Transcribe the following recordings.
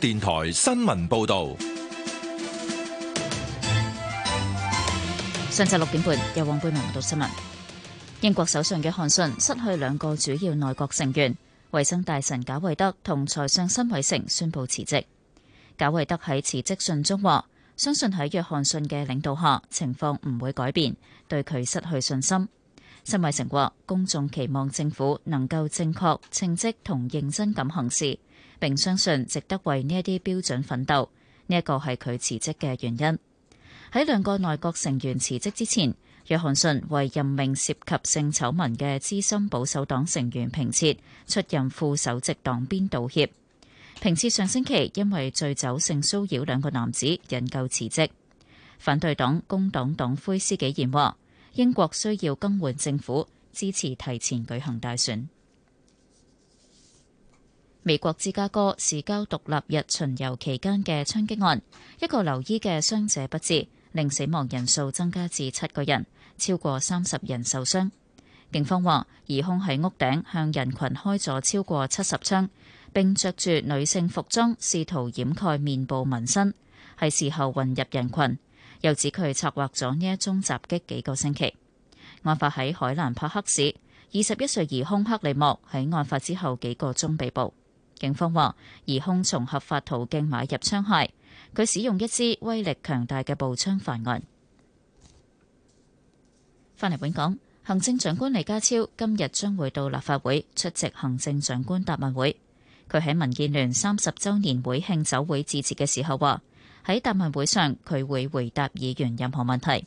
電台新聞報道：上晝六點半，由黃貝文報道新聞。英國首相嘅約翰遜失去兩個主要內閣成員，衛生大臣賈惠德同財相辛偉成宣布辭職。賈惠德喺辭職信中話：相信喺約翰遜嘅領導下，情況唔會改變，對佢失去信心。辛偉成話：公眾期望政府能夠正確稱職同認真咁行事。並相信值得為呢一啲標準奮鬥，呢一個係佢辭職嘅原因。喺兩個內閣成員辭職之前，約翰遜為任命涉及性醜聞嘅資深保守黨成員平切出任副首席黨鞭道歉。平切上星期因為醉酒性騷擾兩個男子引咎辭職。反對黨工黨黨魁施紀賢話：英國需要更換政府，支持提前舉行大選。美國芝加哥市郊獨立日巡遊期間嘅槍擊案，一個留醫嘅傷者不治，令死亡人數增加至七個人，超過三十人受傷。警方話疑兇喺屋頂向人群開咗超過七十槍，並着住女性服裝，試圖掩蓋面部紋身，喺事後混入人群。又指佢策劃咗呢一宗襲擊幾個星期。案發喺海蘭帕克市，二十一歲疑兇克里莫喺案發之後幾個鐘被捕。警方話，疑兇從合法途徑買入槍械，佢使用一支威力強大嘅步槍犯案。翻嚟本港，行政長官李家超今日將會到立法會出席行政長官答問會。佢喺民建聯三十周年會慶酒會致辭嘅時候話，喺答問會上佢會回答議員任何問題。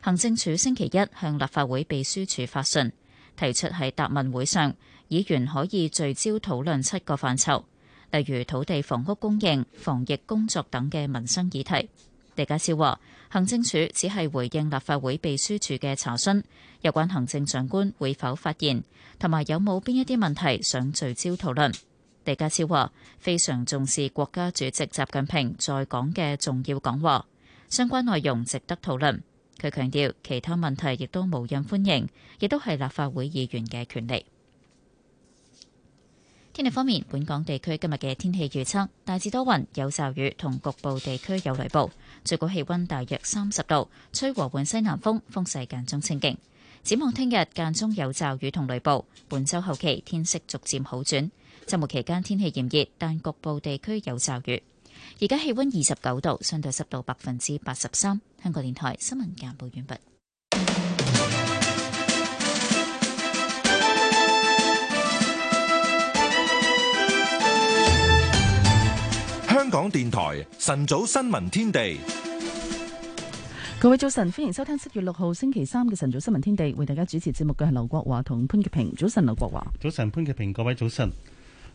行政署星期一向立法會秘書處發信，提出喺答問會上，議員可以聚焦討論七個範疇，例如土地、房屋供應、防疫工作等嘅民生議題。李家超話，行政署只係回應立法會秘書處嘅查詢，有關行政長官會否發言，同埋有冇邊一啲問題想聚焦討論。李家超話，非常重視國家主席習近平在港嘅重要講話，相關內容值得討論。佢強調，其他問題亦都無任歡迎，亦都係立法會議員嘅權利。天氣方面，本港地區今日嘅天氣預測大致多雲，有驟雨同局部地區有雷暴，最高氣溫大約三十度，吹和緩西南風，風勢間中清勁。展望聽日間中有驟雨同雷暴，本周後期天色逐漸好轉。周末期間天氣炎熱，但局部地區有驟雨。而家氣溫二十九度，相對濕度百分之八十三。香港電台新聞簡報完畢。香港電台晨早新聞天地，各位早晨，歡迎收聽七月六號星期三嘅晨早新聞天地，為大家主持節目嘅係劉國華同潘潔平。早晨，劉國華。早晨，潘潔平。各位早晨。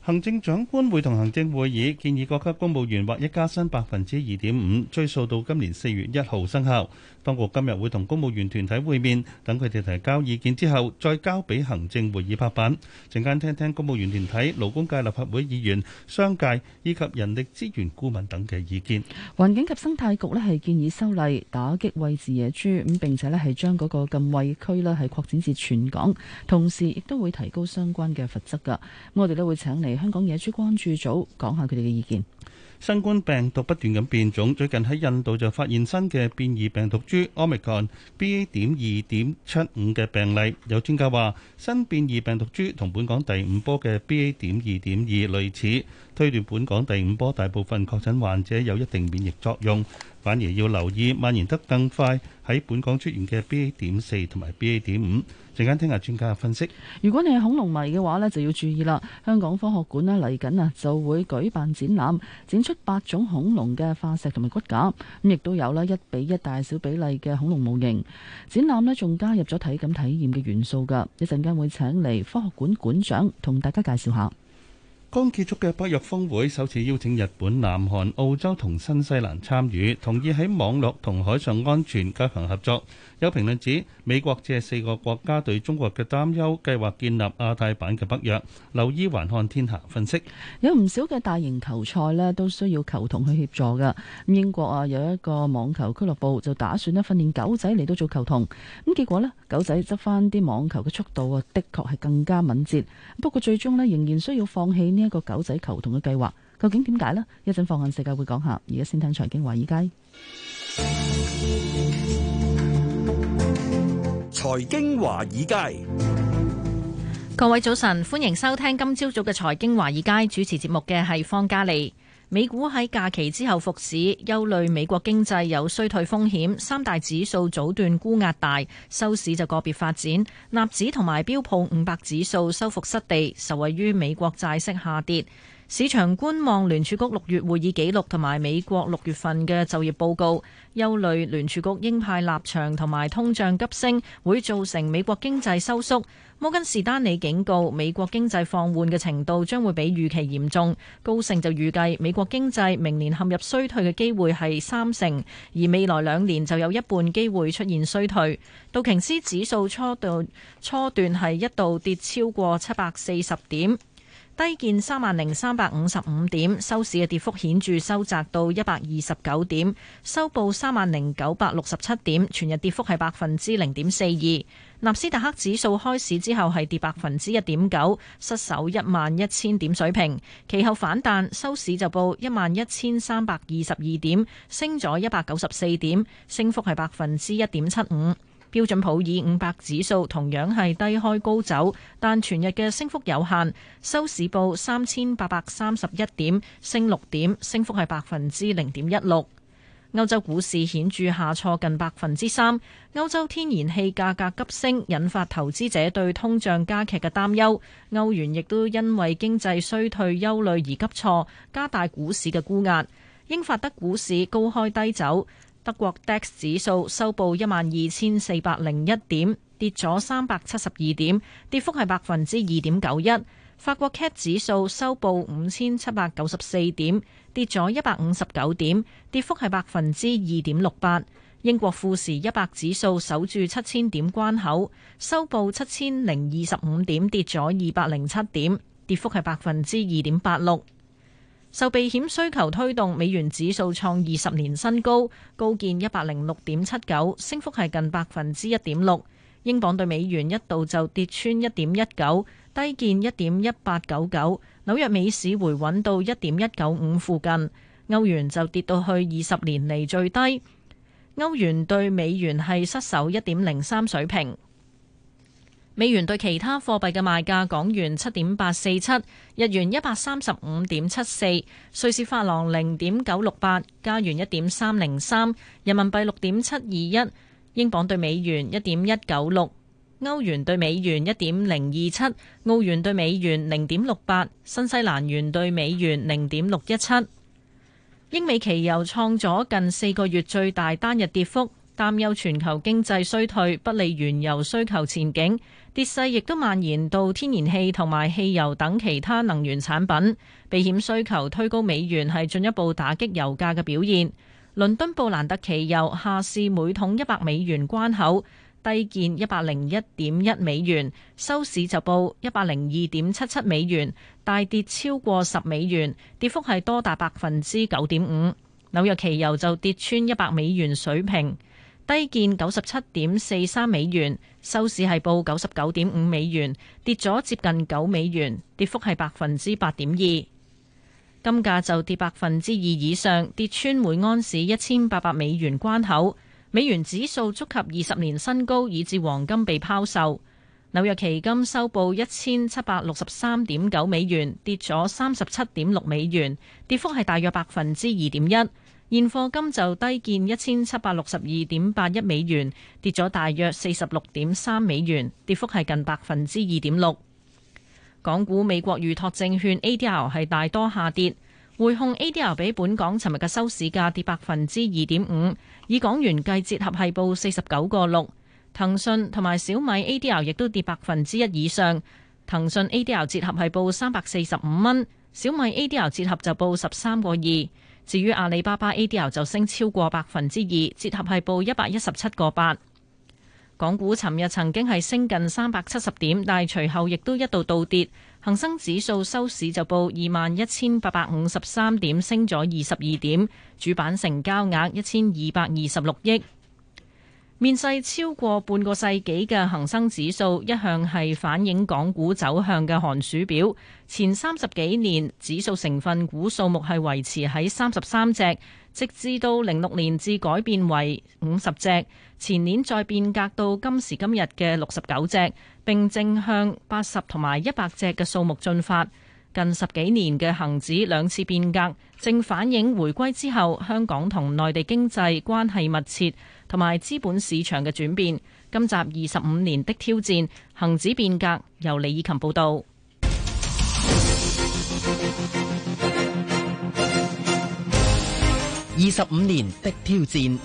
行政長官會同行政會議建議各級公務員獲一加薪百分之二點五，追溯到今年四月一號生效。當局今日會同公務員團體會面，等佢哋提交意見之後，再交俾行政會議拍板。陣間聽聽公務員團體、勞工界立法會議員、商界以及人力資源顧問等嘅意見。環境及生態局呢係建議修例打擊餵飼野豬，咁並且呢係將嗰個禁餵區呢係擴展至全港，同時亦都會提高相關嘅罰則噶。我哋都會請嚟香港野豬關注組講下佢哋嘅意見。新冠病毒不斷咁變種，最近喺印度就發現新嘅變異病毒株 Omicron BA 點二點七五嘅病例。有專家話，新變異病毒株同本港第五波嘅 BA 點二點二類似，推斷本港第五波大部分確診患者有一定免疫作用，反而要留意蔓延得更快喺本港出現嘅 BA 點四同埋 BA 點五。陣間聽下專家嘅分析。如果你係恐龍迷嘅話呢，就要注意啦。香港科學館咧嚟緊啊，就會舉辦展覽，展出八種恐龍嘅化石同埋骨架。咁亦都有啦，一比一大小比例嘅恐龍模型。展覽咧仲加入咗體感體驗嘅元素噶。一陣間會請嚟科學館館長同大家介紹下。剛結束嘅北約峰會，首次邀請日本、南韓、澳洲同新西蘭參與，同意喺網絡同海上安全加強合作。有評論指，美國借四個國家對中國嘅擔憂，計劃建立亞太版嘅北約。留意環看天下分析。有唔少嘅大型球賽咧，都需要球童去協助㗎。英國啊，有一個網球俱樂部就打算咧訓練狗仔嚟到做球童。咁結果咧，狗仔執翻啲網球嘅速度啊，的確係更加敏捷。不過最終咧，仍然需要放棄呢一個狗仔球童嘅計劃。究竟點解呢？一陣放眼世界會講下。而家先聽財經華爾街。財經華爾街，各位早晨，歡迎收聽今朝早嘅財經華爾街，主持節目嘅係方嘉利。美股喺假期之後復市，憂慮美國經濟有衰退風險。三大指數早段沽壓大，收市就個別發展。納指同埋標普五百指數收復失地，受惠於美國債息下跌。市場觀望聯儲局六月會議紀錄同埋美國六月份嘅就業報告，憂慮聯儲局鷹派立場同埋通脹急升會造成美國經濟收縮。摩根士丹利警告美國經濟放緩嘅程度將會比預期嚴重。高盛就預計美國經濟明年陷入衰退嘅機會係三成，而未來兩年就有一半機會出現衰退。道瓊斯指數初段初段係一度跌超過七百四十點。低見三萬零三百五十五點，收市嘅跌幅顯著收窄到一百二十九點，收報三萬零九百六十七點，全日跌幅係百分之零點四二。納斯達克指數開市之後係跌百分之一點九，失守一萬一千點水平，其後反彈，收市就報一萬一千三百二十二點，升咗一百九十四點，升幅係百分之一點七五。標準普爾五百指數同樣係低開高走，但全日嘅升幅有限，收市報三千八百三十一點，升六點，升幅係百分之零點一六。歐洲股市顯著下挫近百分之三，歐洲天然氣價格急升，引發投資者對通脹加劇嘅擔憂。歐元亦都因為經濟衰退憂慮而急挫，加大股市嘅沽壓。英法德股市高開低走。德國 DAX 指數收報一萬二千四百零一點，跌咗三百七十二點，跌幅係百分之二點九一。法國 CAC 指數收報五千七百九十四點，跌咗一百五十九點，跌幅係百分之二點六八。英國富時一百指數守住七千點關口，收報七千零二十五點，跌咗二百零七點，跌幅係百分之二點八六。受避險需求推動，美元指數創二十年新高，高見一百零六點七九，升幅係近百分之一點六。英鎊對美元一度就跌穿一點一九，低見一點一八九九。紐約美市回穩到一點一九五附近，歐元就跌到去二十年嚟最低，歐元對美元係失守一點零三水平。美元對其他貨幣嘅賣價：港元七點八四七，日元一百三十五點七四，瑞士法郎零點九六八，加元一點三零三，人民幣六點七二一，英鎊對美元一點一九六，歐元對美元一點零二七，澳元對美元零點六八，新西蘭元對美元零點六一七。英美期油創咗近四個月最大單日跌幅。擔憂全球經濟衰退，不利原油需求前景，跌勢亦都蔓延到天然氣同埋汽油等其他能源產品。避險需求推高美元係進一步打擊油價嘅表現。倫敦布蘭特期油下試每桶一百美元關口，低見一百零一點一美元，收市就報一百零二點七七美元，大跌超過十美元，跌幅係多達百分之九點五。紐約期油就跌穿一百美元水平。低見九十七點四三美元，收市係報九十九點五美元，跌咗接近九美元，跌幅係百分之八點二。金價就跌百分之二以上，跌穿每安士一千八百美元關口。美元指數觸及二十年新高，以至黃金被拋售。紐約期金收報一千七百六十三點九美元，跌咗三十七點六美元，跌幅係大約百分之二點一。現貨金就低見一千七百六十二點八一美元，跌咗大約四十六點三美元，跌幅係近百分之二點六。港股美國預託證券 ADR 係大多下跌，匯控 ADR 比本港尋日嘅收市價跌百分之二點五，以港元計折合係報四十九個六。騰訊同埋小米 ADR 亦都跌百分之一以上，騰訊 ADR 折合係報三百四十五蚊，小米 ADR 折合就報十三個二。至於阿里巴巴 A.D.R 就升超過百分之二，折合係報一百一十七個八。港股尋日曾經係升近三百七十點，但係隨後亦都一度倒跌。恒生指數收市就報二萬一千八百五十三點，升咗二十二點。主板成交額一千二百二十六億。面世超過半個世紀嘅恆生指數，一向係反映港股走向嘅寒暑表。前三十幾年，指數成分股數目係維持喺三十三隻，直至到零六年至改變為五十隻，前年再變革到今時今日嘅六十九隻，並正向八十同埋一百隻嘅數目進發。近十幾年嘅恆指兩次變革，正反映回歸之後香港同內地經濟關係密切，同埋資本市場嘅轉變。今集二十五年的挑戰，恆指變革，由李以琴報道。二十五年的挑戰。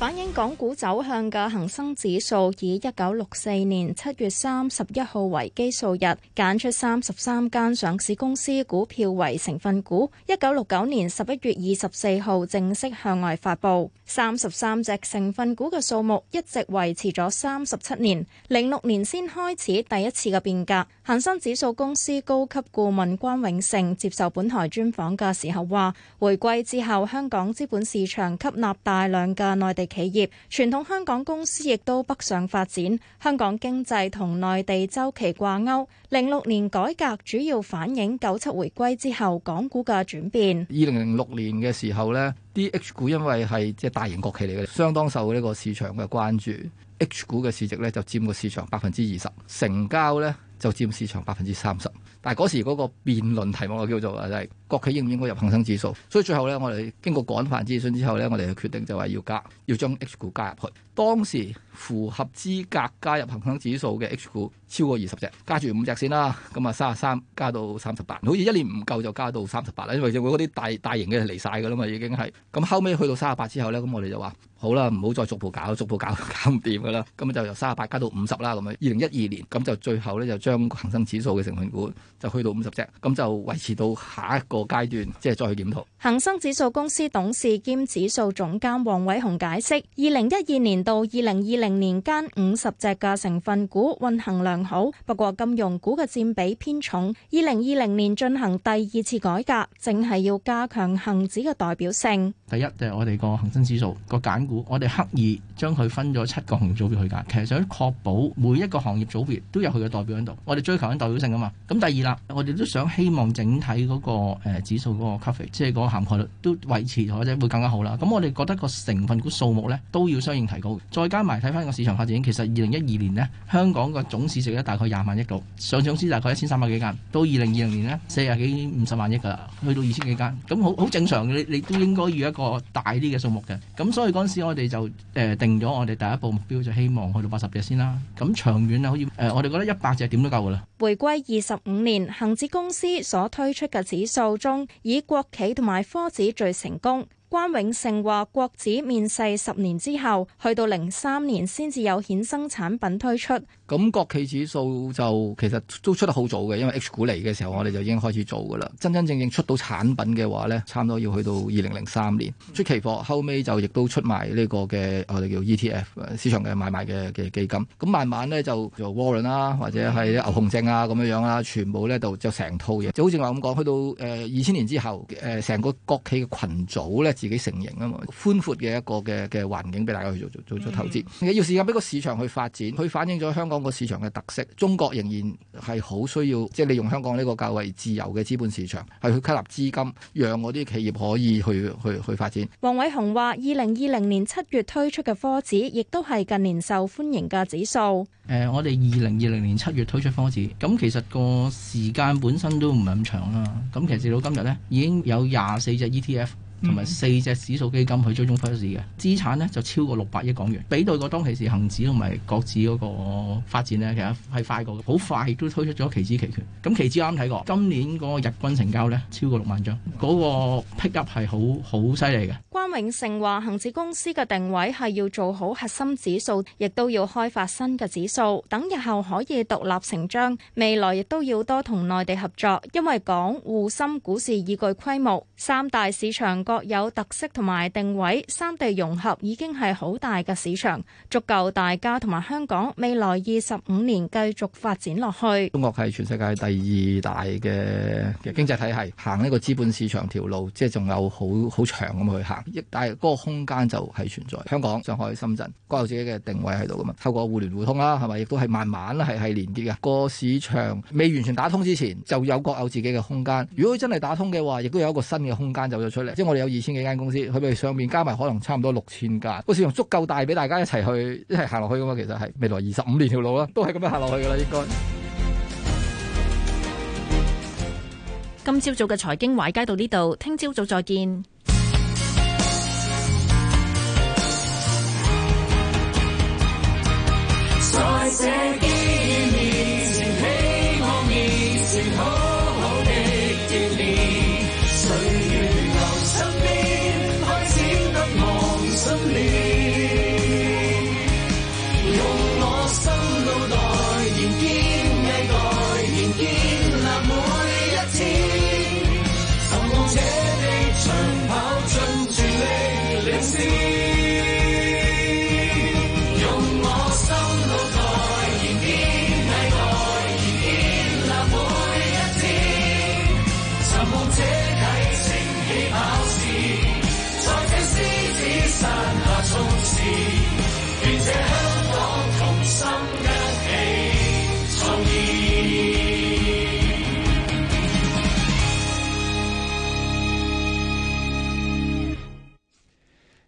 反映港股走向嘅恒生指數以1964年7月31號為基數日，揀出33間上市公司股票為成分股，1969年11月24號正式向外發布。33隻成分股嘅數目一直維持咗37年，06年先開始第一次嘅變革。恒生指數公司高級顧問關永盛接受本台專訪嘅時候話，回歸之後香港資本市場吸納大量嘅內地。企業傳統香港公司亦都北上發展，香港經濟同內地周期掛鈎。零六年改革主要反映九七回歸之後港股嘅轉變。二零零六年嘅時候，呢啲 H 股因為係即係大型國企嚟嘅，相當受呢個市場嘅關注。H 股嘅市值呢就占個市場百分之二十，成交呢。就佔市場百分之三十，但係嗰時嗰個辯論題目我叫做就係國企應唔應該入恒生指數，所以最後呢，我哋經過廣泛諮詢之後呢，我哋就決定就話要加，要將 H 股加入去。當時符合資格加入恒生指數嘅 H 股超過二十隻，加住五隻先啦，咁啊三十三加到三十八，好似一年唔夠就加到三十八啦，因為就會嗰啲大大型嘅嚟晒㗎啦嘛，已經係咁，後尾去到三十八之後呢，咁我哋就話好啦，唔好再逐步搞，逐步搞搞唔掂㗎啦，咁就由三十八加到五十啦，咁樣二零一二年咁就最後呢，就將將恒生指數嘅成分股就去到五十隻，咁就維持到下一個階段，即係再去檢討。恒生指數公司董事兼指數總監黃偉雄解釋，二零一二年到二零二零年間五十隻嘅成分股運行良好，不過金融股嘅佔比偏重。二零二零年進行第二次改革，正係要加強恒指嘅代表性。第一就係、是、我哋個恒生指數個揀股，我哋刻意將佢分咗七個行業組別去揀，其實想確保每一個行業組別都有佢嘅代表喺度。我哋追求緊代表性啊嘛，咁第二啦，我哋都想希望整體嗰、那個、呃、指數嗰個 cover 即係嗰個涵蓋率都維持或者會更加好啦。咁我哋覺得個成分股、那個、數目咧都要相應提高，再加埋睇翻個市場發展。其實二零一二年呢，香港個總市值咧大概廿萬億度，上上市大概一千三百幾間。到二零二零年呢，四十幾五十萬億噶啦，去到二千幾間，咁好好正常嘅，你你都應該要一個大啲嘅數目嘅。咁所以嗰陣時我哋就誒、呃、定咗我哋第一步目標就希望去到八十隻先啦。咁長遠啊，好似、呃、我哋覺得一百隻點回歸二十五年，恒指公司所推出嘅指數中，以國企同埋科指最成功。關永盛話：國指面世十年之後，去到零三年先至有衍生產品推出。咁國企指數就其實都出得好早嘅，因為 H 股嚟嘅時候，我哋就已經開始做㗎啦。真真正正出到產品嘅話咧，差唔多要去到二零零三年出期貨，後尾就亦都出埋呢個嘅我哋叫 ETF 市場嘅買賣嘅嘅基金。咁慢慢咧就做窩輪啦，或者係牛熊證啊，咁樣樣、啊、啦，全部咧就就成套嘢。就好似話咁講去到誒二千年之後誒成、呃、個國企嘅群組咧自己成形啊嘛，寬闊嘅一個嘅嘅環境俾大家去做做做咗投資。嗯、要時間俾個市場去發展，去反映咗香港。個市場嘅特色，中國仍然係好需要，即係利用香港呢個較為自由嘅資本市場，係去吸納資金，讓嗰啲企業可以去去去發展。黃偉雄話：二零二零年七月推出嘅科指，亦都係近年受歡迎嘅指數。誒，我哋二零二零年七月推出科指，咁其實個時間本身都唔係咁長啦。咁其實到今日呢，已經有廿四隻 ETF，同埋四隻指數基金去追蹤 First 嘅資產呢，就超過六百億港元，比對過當其時恒指同埋國指嗰個發展呢，其實係快過嘅，好快都推出咗期指期權。咁期指啱睇過，今年嗰個日均成交呢，超過六萬張，嗰個 pickup 係好好犀利嘅。關永盛話：恒指公司嘅定位係要做好核心指數，亦都要開發新嘅指數，等日後可以獨立成章。未來亦都要多同內地合作，因為港滬深股市已具規模，三大市場。各有特色同埋定位，三地融合已經係好大嘅市場，足夠大家同埋香港未來二十五年繼續發展落去。中國係全世界第二大嘅經濟體系，行呢個資本市場條路，即係仲有好好長咁去行，但係嗰個空間就係存在。香港、上海、深圳各有自己嘅定位喺度噶嘛，透過互聯互通啦，係咪亦都係慢慢係係連接嘅？個市場未完全打通之前，就有各有自己嘅空間，如果真係打通嘅話亦都有一個新嘅空間走咗出嚟。即係我哋。有二千幾間公司，佢咪上面加埋，可能差唔多六千間，好似用足夠大俾大家一齊去一齊行落去噶嘛。其實係未來二十五年條路啦，都係咁樣行落去噶啦，應該。今朝早嘅財經華爾街到呢度，聽朝早再見。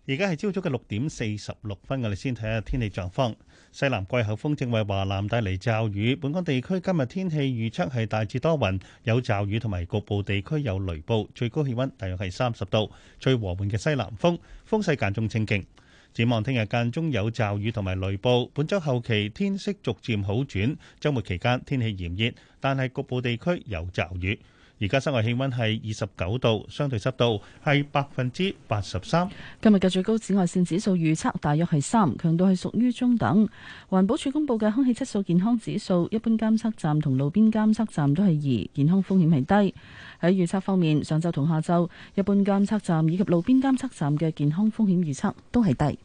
而家係朝早嘅六點四十六分，我哋先睇下天氣狀況。西南季候風正為華南帶嚟驟雨，本港地區今日天，天氣預測係大致多雲，有驟雨同埋局部地區有雷暴，最高氣溫大約係三十度。最和緩嘅西南風，風勢間中清勁。展望聽日間中有驟雨同埋雷暴，本周後期天色逐漸好轉，周末期間天氣炎熱，但係局部地區有驟雨。而家室外氣溫係二十九度，相對濕度係百分之八十三。今日嘅最高紫外線指數預測大約係三，強度係屬於中等。環保署公布嘅空氣質素健康指數，一般監測站同路邊監測站都係二，健康風險係低。喺預測方面，上晝同下晝，一般監測站以及路邊監測站嘅健康風險預測都係低。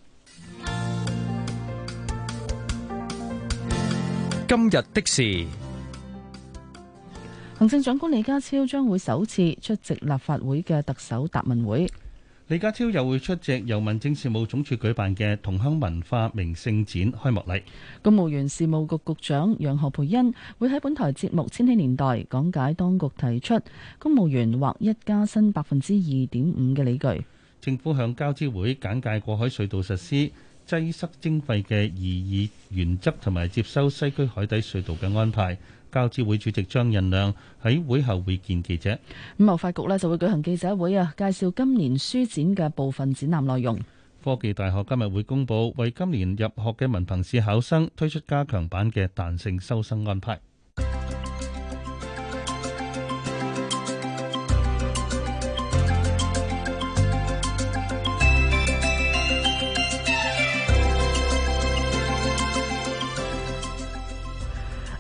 今日的事。行政長官李家超將會首次出席立法會嘅特首答問會。李家超又會出席由民政事務總署舉辦嘅同鄉文化名勝展開幕禮。公務員事務局局，局長楊何蓓茵會喺本台節目《千禧年代》講解當局提出公務員劃一加薪百分之二點五嘅理據。政府向交諮會簡介過海隧道實施擠塞徵費嘅意義、原則同埋接收西區海底隧道嘅安排。教資會主席張仁亮喺會後會見記者。貿發局咧，就會舉行記者會啊，介紹今年書展嘅部分展覽內容。科技大學今日會公布為今年入學嘅文憑試考生推出加強版嘅彈性收生安排。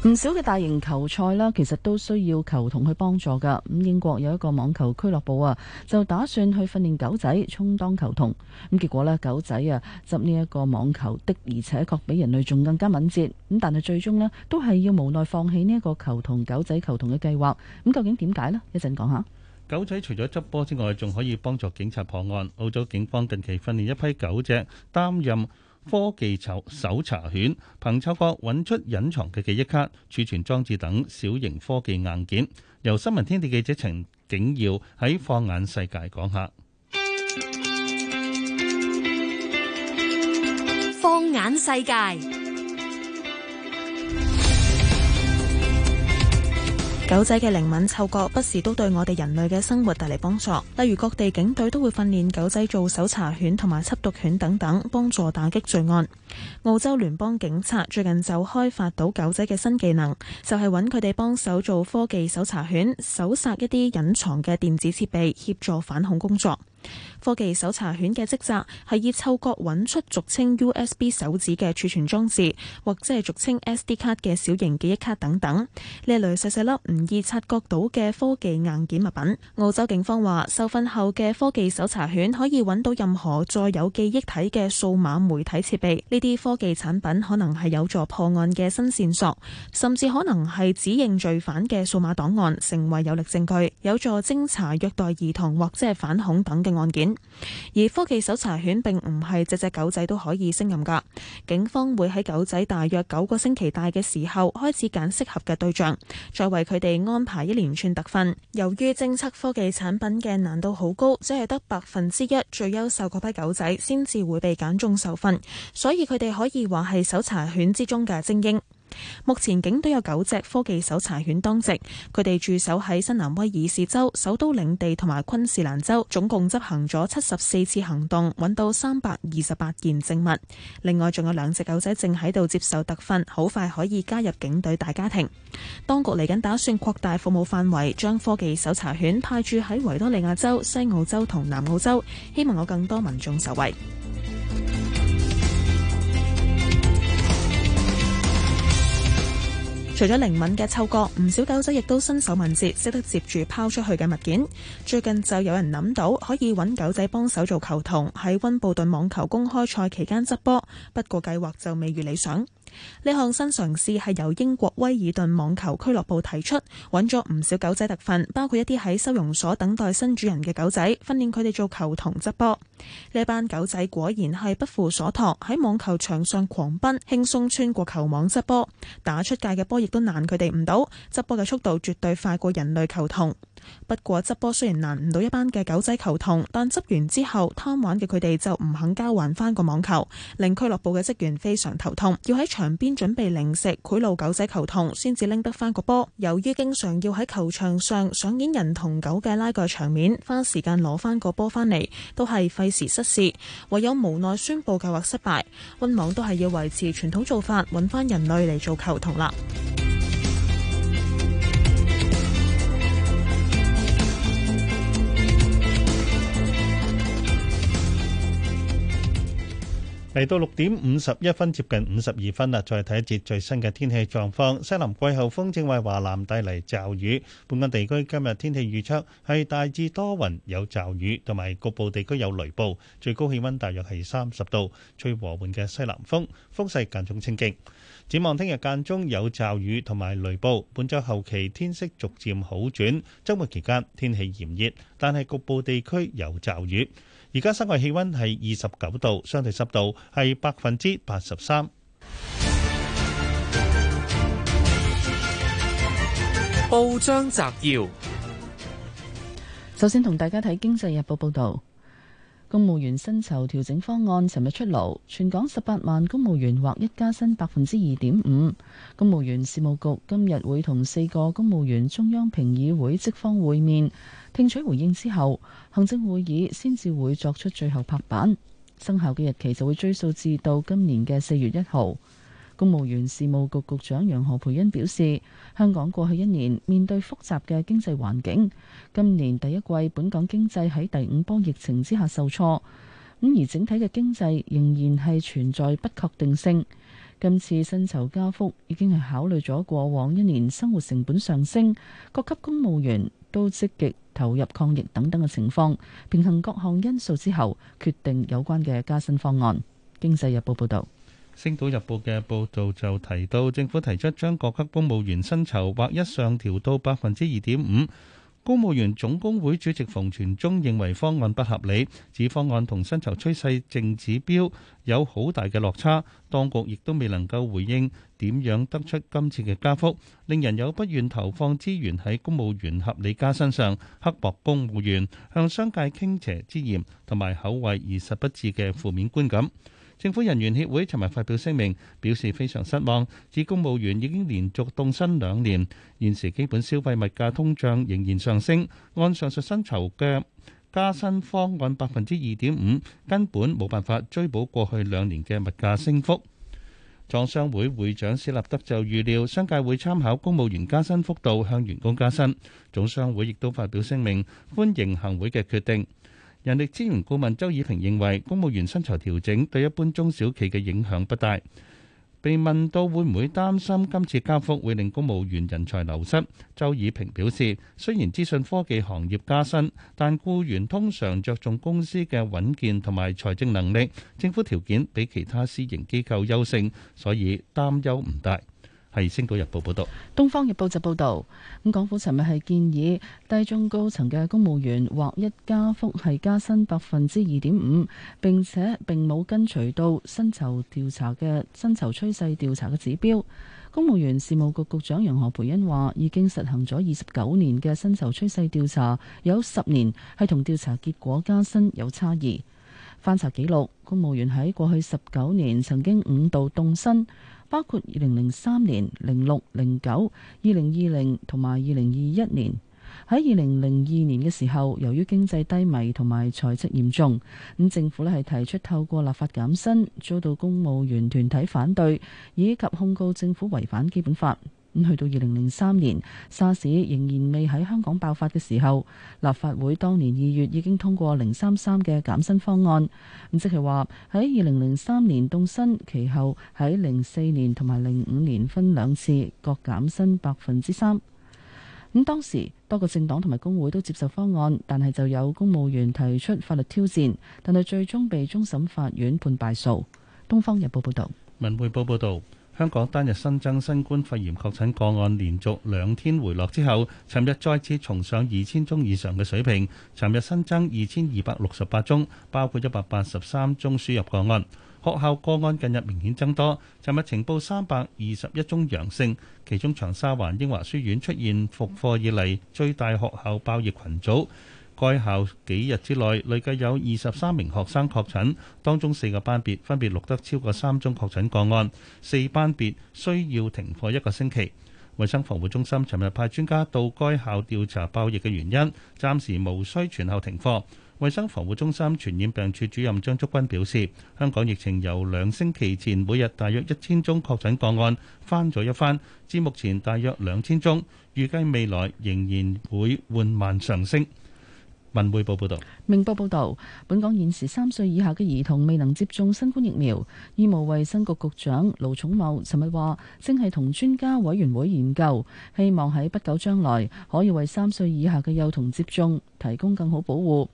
唔少嘅大型球賽啦，其實都需要球童去幫助噶。咁英國有一個網球俱樂部啊，就打算去訓練狗仔充當球童。咁結果呢，狗仔啊執呢一個網球的而且確比人類仲更加敏捷。咁但係最終呢，都係要無奈放棄呢一個球童狗仔球童嘅計劃。咁究竟點解呢？講一陣講下。狗仔除咗執波之外，仲可以幫助警察破案。澳洲警方定期訓練一批狗隻擔任，科技搜搜查犬憑嗅覺揾出隱藏嘅記憶卡、儲存裝置等小型科技硬件，由新聞天地記者陳景耀喺《放眼世界》講下。放眼世界。狗仔嘅靈敏嗅覺，不時都對我哋人類嘅生活帶嚟幫助。例如，各地警隊都會訓練狗仔做搜查犬同埋緝毒犬等等，幫助打擊罪案。澳洲聯邦警察最近就開發到狗仔嘅新技能，就係揾佢哋幫手做科技搜查犬，搜殺一啲隱藏嘅電子設備，協助反恐工作。科技搜查犬嘅職責係以嗅覺揾出俗稱 USB 手指嘅儲存裝置，或者係俗稱 SD 卡嘅小型記憶卡等等呢類細細粒唔易察覺到嘅科技硬件物品。澳洲警方話，受訓後嘅科技搜查犬可以揾到任何載有記憶體嘅數碼媒體設備，呢啲科技產品可能係有助破案嘅新線索，甚至可能係指認罪犯嘅數碼檔案成為有力證據，有助偵查虐待兒童或者係反恐等嘅案件。而科技搜查犬並唔係隻隻狗仔都可以升任㗎，警方會喺狗仔大約九個星期大嘅時候開始揀適合嘅對象，再為佢哋安排一連串特訓。由於偵測科技產品嘅難度好高，就是、只係得百分之一最優秀嗰批狗仔先至會被揀中受訓，所以佢哋可以話係搜查犬之中嘅精英。目前警隊有九隻科技搜查犬當值，佢哋駐守喺新南威爾士州、首都領地同埋昆士蘭州，總共執行咗七十四次行動，揾到三百二十八件證物。另外仲有兩隻狗仔正喺度接受特訓，好快可以加入警隊大家庭。當局嚟緊打算擴大服務範圍，將科技搜查犬派駐喺維多利亞州、西澳洲同南澳洲，希望有更多民眾受惠。除咗靈敏嘅嗅覺，唔少狗仔亦都身手敏捷，識得接住拋出去嘅物件。最近就有人諗到可以揾狗仔幫手做球童，喺溫布頓網球公開賽期間執波，不過計劃就未如理想。呢項新嘗試係由英國威爾頓網球俱樂部提出，揾咗唔少狗仔特訓，包括一啲喺收容所等待新主人嘅狗仔，訓練佢哋做球童執波。呢班狗仔果然係不負所託，喺網球場上狂奔，輕鬆穿過球網執波，打出界嘅波亦都難佢哋唔到。執波嘅速度絕對快過人類球童。不過執波雖然難唔到一班嘅狗仔球童，但執完之後貪玩嘅佢哋就唔肯交還翻個網球，令俱樂部嘅職員非常頭痛。要喺場邊準備零食賄賂狗仔球童，先至拎得翻個波。由於經常要喺球場上上演人同狗嘅拉鋸場面，花時間攞翻個波翻嚟，都係費時失事，唯有無奈宣布計劃失敗。温網都係要維持傳統做法，揾翻人類嚟做球童啦。嚟到六點五十一分，接近五十二分啦。再睇一節最新嘅天氣狀況，西南季候風正為華南帶嚟驟雨。本港地區今日天氣預測係大致多雲有驟雨，同埋局部地區有雷暴，最高氣温大約係三十度，吹和緩嘅西南風，風勢間中清勁。展望聽日間中有驟雨同埋雷暴，本週後期天色逐漸好轉，周末期間天氣炎熱，但係局部地區有驟雨。而家室外氣溫係二十九度，相對濕度係百分之八十三。報章摘要，首先同大家睇經濟日報報導。公務員薪酬調整方案尋日出爐，全港十八萬公務員獲一加薪百分之二點五。公務員事務局今日會同四個公務員中央評議會職方會面，聽取回應之後，行政會議先至會作出最後拍板，生效嘅日期就會追溯至到今年嘅四月一號。公務員事務局局長楊何培恩表示，香港過去一年面對複雜嘅經濟環境，今年第一季本港經濟喺第五波疫情之下受挫，咁而整體嘅經濟仍然係存在不確定性。今次薪酬加幅已經係考慮咗過往一年生活成本上升、各級公務員都積極投入抗疫等等嘅情況，平衡各項因素之後，決定有關嘅加薪方案。經濟日報報道。《星島日報》嘅報道就提到，政府提出將各級公務員薪酬劃一上調到百分之二點五。公務員總工會主席馮全忠認為方案不合理，指方案同薪酬趨勢正指標有好大嘅落差。當局亦都未能夠回應點樣得出今次嘅加幅，令人有不願投放資源喺公務員合理加薪上，刻薄公務員向商界傾斜之嫌，同埋口惠而實不至嘅負面觀感。政府人員協會尋日發表聲明，表示非常失望，指公務員已經連續凍薪兩年，現時基本消費物價通脹仍然上升，按上述薪酬嘅加薪方案百分之二點五，根本冇辦法追補過去兩年嘅物價升幅。廠商會會長史立德就預料，商界會參考公務員加薪幅度向員工加薪。總商會亦都發表聲明，歡迎行會嘅決定。人力資源顧問周以平認為，公務員薪酬調整對一般中小企嘅影響不大。被問到會唔會擔心今次加幅會令公務員人才流失，周以平表示，雖然資訊科技行業加薪，但僱員通常着重公司嘅穩健同埋財政能力，政府條件比其他私營機構優勝，所以擔憂唔大。係《星島日報》報道，《東方日報》就報道，咁港府尋日係建議低中高層嘅公務員獲一加幅係加薪百分之二點五，並且並冇跟隨到薪酬調查嘅薪酬趨勢調查嘅指標。公務員事務局局，局長楊何培恩話，已經實行咗二十九年嘅薪酬趨勢調查，有十年係同調查結果加薪有差異。翻查記錄，公務員喺過去十九年曾經五度凍薪。包括二零零三年、零六、零九、二零二零同埋二零二一年。喺二零零二年嘅時候，由於經濟低迷同埋財赤嚴重，咁政府咧係提出透過立法減薪，遭到公務員團體反對，以及控告政府違反基本法。咁去到二零零三年，沙士仍然未喺香港爆發嘅時候，立法會當年二月已經通過零三三嘅減薪方案。咁即係話喺二零零三年凍薪，其後喺零四年同埋零五年分兩次各減薪百分之三。咁當時多個政黨同埋工會都接受方案，但係就有公務員提出法律挑戰，但係最終被終審法院判敗訴。《東方日報》報道。《文匯報》報導。香港單日新增新冠肺炎確診個案連續兩天回落之後，尋日再次重上二千宗以上嘅水平。尋日新增二千二百六十八宗，包括一百八十三宗輸入個案。學校個案近日明顯增多，尋日呈報三百二十一宗陽性，其中長沙灣英華書院出現復課以嚟最大學校爆疫群組。該校幾日之內累計有二十三名學生確診，當中四個班別分別錄得超過三宗確診個案，四班別需要停課一個星期。衛生防護中心尋日派專家到該校調查爆疫嘅原因，暫時無需全校停課。衛生防護中心傳染病處主任張竹君表示，香港疫情由兩星期前每日大約一千宗確診個案翻咗一番，至目前大約兩千宗，預計未來仍然會緩慢上升。文匯報報道，明報報道，本港現時三歲以下嘅兒童未能接種新冠疫苗。醫務衛生局局長盧寵茂尋日話，正係同專家委員會研究，希望喺不久將來可以為三歲以下嘅幼童接種提供更好保護。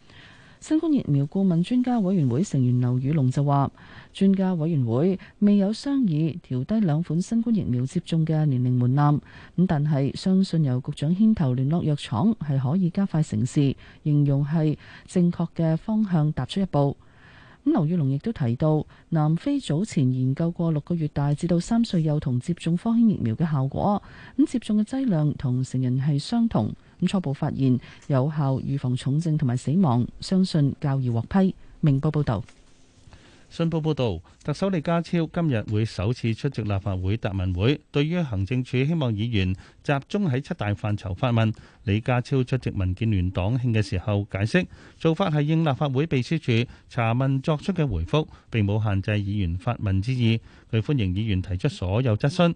新冠疫苗顧問專家委員會成員劉宇龍就話。專家委員會未有商議調低兩款新冠疫苗接種嘅年齡門檻，咁但係相信由局長牽頭聯絡藥廠係可以加快成事，形容係正確嘅方向踏出一步。咁劉宇龍亦都提到，南非早前研究過六個月大至到三歲幼童接種科興疫苗嘅效果，咁接種嘅劑量同成人係相同，咁初步發現有效預防重症同埋死亡，相信較易獲批。明報報導。新報報導，特首李家超今日會首次出席立法會答問會。對於行政處希望議員集中喺七大範疇發問，李家超出席民建聯黨慶嘅時候解釋，做法係應立法會秘書處查問作出嘅回覆，並冇限制議員發問之意。佢歡迎議員提出所有質詢。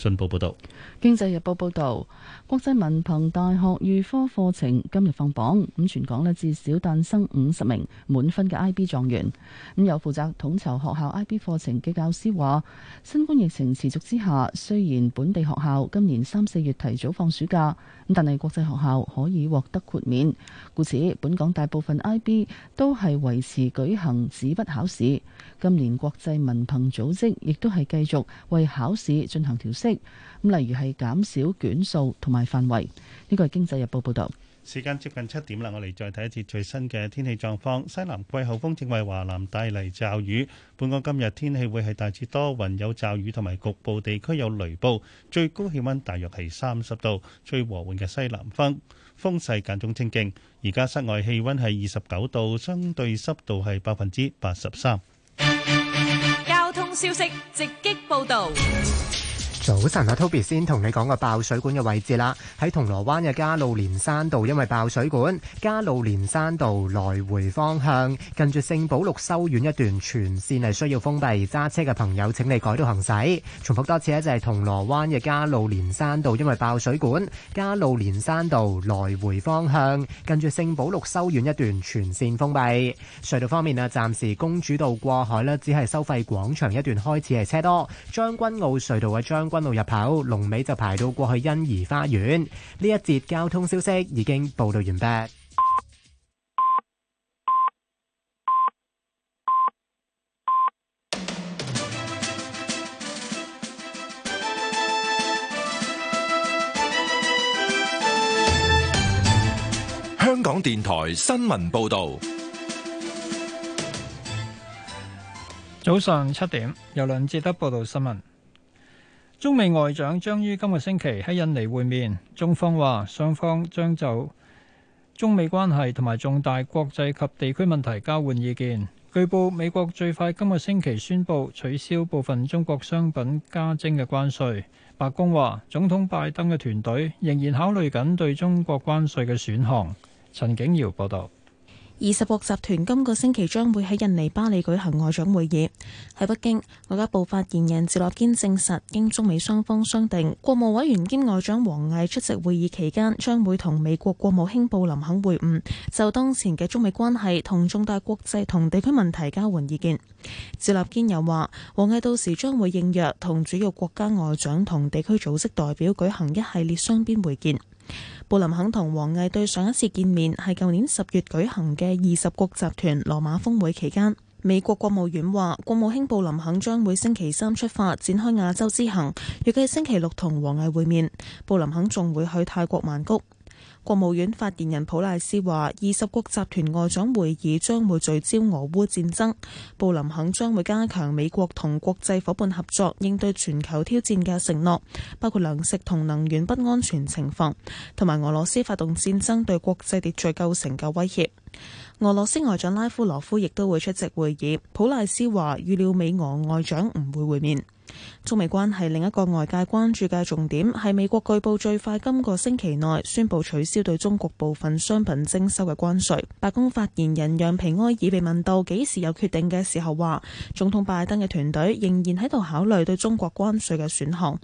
信報報導，《經濟日報》報導，國際文憑大學預科課程今日放榜，咁全港呢至少誕生五十名滿分嘅 IB 狀元。咁有負責統籌學校 IB 課程嘅教師話，新冠疫情持續之下，雖然本地學校今年三四月提早放暑假，咁但係國際學校可以獲得豁免，故此本港大部分 IB 都係維持舉行紙筆考試。今年國際文憑組織亦都係繼續為考試進行調適，咁例如係減少卷數同埋範圍。呢個係《經濟日報》報道。時間接近七點啦，我哋再睇一次最新嘅天氣狀況。西南季候風正為華南帶嚟驟雨，本港今日天氣會係大致多雲有驟雨，同埋局部地區有雷暴。最高氣溫大約係三十度，吹和緩嘅西南風，風勢間中清勁。而家室外氣溫係二十九度，相對濕度係百分之八十三。交通消息，直擊報道。早晨啊，Toby 先同你講個爆水管嘅位置啦。喺銅鑼灣嘅加路連山道，因為爆水管，加路連山道來回方向，近住聖保祿修院一段全線係需要封閉，揸車嘅朋友請你改道行駛。重複多次咧，就係銅鑼灣嘅加路連山道，因為爆水管，加路連山道來回方向，近住聖保祿修院一段全線封閉。隧道方面啊，暫時公主道過海咧，只係收費廣場一段開始係車多。將軍澳隧道嘅將軍路入口，龍尾就排到過去欣怡花園。呢一節交通消息已經報道完畢。香港電台新聞報道，早上七點，由梁志德報道新聞。中美外長將於今個星期喺印尼會面，中方話雙方將就中美關係同埋重大國際及地區問題交換意見，據報美國最快今個星期宣布取消部分中國商品加徵嘅關稅，白宮話總統拜登嘅團隊仍然考慮緊對中國關稅嘅選項，陳景瑤報道。二十國集團今個星期將會喺印尼巴厘舉行外長會議。喺北京，外交部發言人趙立堅證實，經中美雙方商定，國務委員兼外長王毅出席會議期間，將會同美國國務卿布林肯會晤，就當前嘅中美關係同重大國際同地區問題交換意見。趙立堅又話，王毅到時將會應約同主要國家外長同地區組織代表舉行一系列雙邊會見。布林肯同王毅對上一次見面係舊年十月舉行嘅二十國集團羅馬峰會期間。美國國務院話，國務卿布林肯將會星期三出發，展開亞洲之行，預計星期六同王毅會面。布林肯仲會去泰國曼谷。國務院發言人普賴斯話，二十國集團外長會議將會聚焦俄烏戰爭。布林肯將會加強美國同國際伙伴合作應對全球挑戰嘅承諾，包括糧食同能源不安全情況，同埋俄羅斯發動戰爭對國際秩序構成嘅威脅。俄羅斯外長拉夫羅夫亦都會出席會議。普賴斯話預料美俄外長唔會會面。中美關係另一個外界關注嘅重點係，美國據報最快今個星期內宣布取消對中國部分商品徵收嘅關稅。白宮發言人讓皮埃爾被問到幾時有決定嘅時候，話總統拜登嘅團隊仍然喺度考慮對中國關稅嘅選項。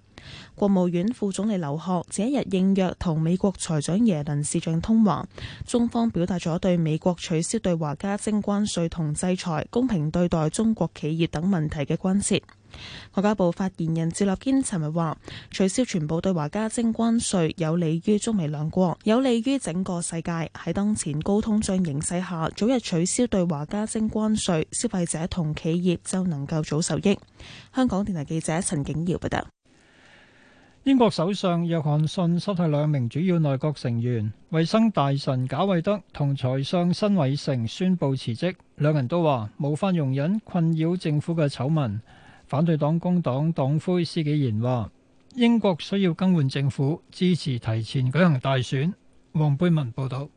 國務院副總理劉鶴，這一日應約同美國財長耶倫視像通話，中方表達咗對美國取消對華加徵關稅同制裁、公平對待中國企業等問題嘅關切。外交部發言人趙立堅尋日話：取消全部對華加徵關稅，有利於中美兩國，有利於整個世界。喺當前高通脹形勢下，早日取消對華加徵關稅，消費者同企業就能夠早受益。香港電台記者陳景耀報道。嗯、英國首相約翰遜失去兩名主要內閣成員，衛生大臣賈維德同財相辛偉成宣佈辭職，兩人都話冇法容忍困擾政府嘅醜聞。反對黨工黨黨魁施紀賢話：英國需要更換政府，支持提前舉行大選。黃貝文報道。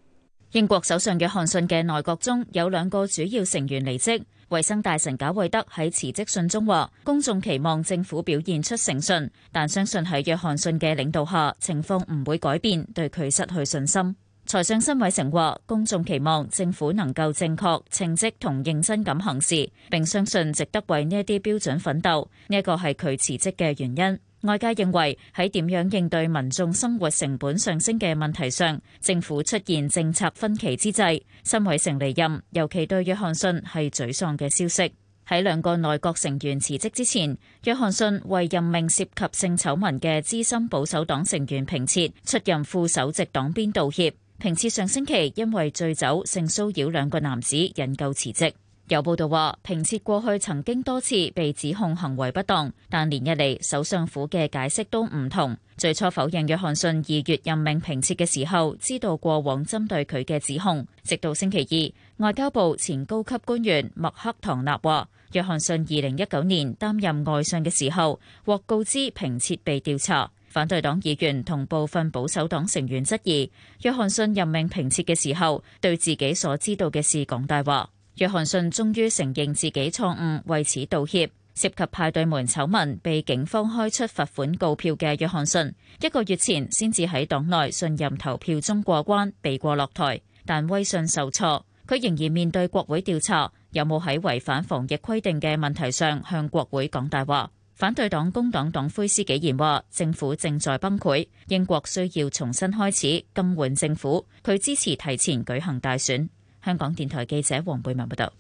英國首相約翰遜嘅內閣中有兩個主要成員離職。衛生大臣賈偉德喺辭職信中話：公眾期望政府表現出誠信，但相信喺約翰遜嘅領導下，情況唔會改變，對佢失去信心。財相辛偉誠話：公眾期望政府能夠正確稱職同認真咁行事，並相信值得為呢一啲標準奮鬥。呢一個係佢辭職嘅原因。外界認為喺點樣應對民眾生活成本上升嘅問題上，政府出現政策分歧之際，辛偉誠離任，尤其對約翰遜係沮喪嘅消息。喺兩個內閣成員辭職之前，約翰遜為任命涉及性醜聞嘅資深保守黨成員平徹出任副首席黨鞭道歉。平切上星期因為醉酒性騷擾兩個男子引咎辭職。有報道話，平切過去曾經多次被指控行為不當，但連日嚟首相府嘅解釋都唔同。最初否認約翰遜二月任命平切嘅時候，知道過往針對佢嘅指控。直到星期二，外交部前高級官員麥克唐納話，約翰遜二零一九年擔任外相嘅時候，獲告知平切被調查。反對黨議員同部分保守黨成員質疑約翰遜任命平切嘅時候，對自己所知道嘅事講大話。約翰遜終於承認自己錯誤，為此道歉。涉及派對門醜聞、被警方開出罰款告票嘅約翰遜，一個月前先至喺黨內信任投票中過關，避過落台。但威信受挫，佢仍然面對國會調查，有冇喺違反防疫規定嘅問題上向國會講大話？反對黨工黨黨魁施紀賢話政府正在崩潰，英國需要重新開始，更換政府。佢支持提前舉行大選。香港電台記者黃貝文報道。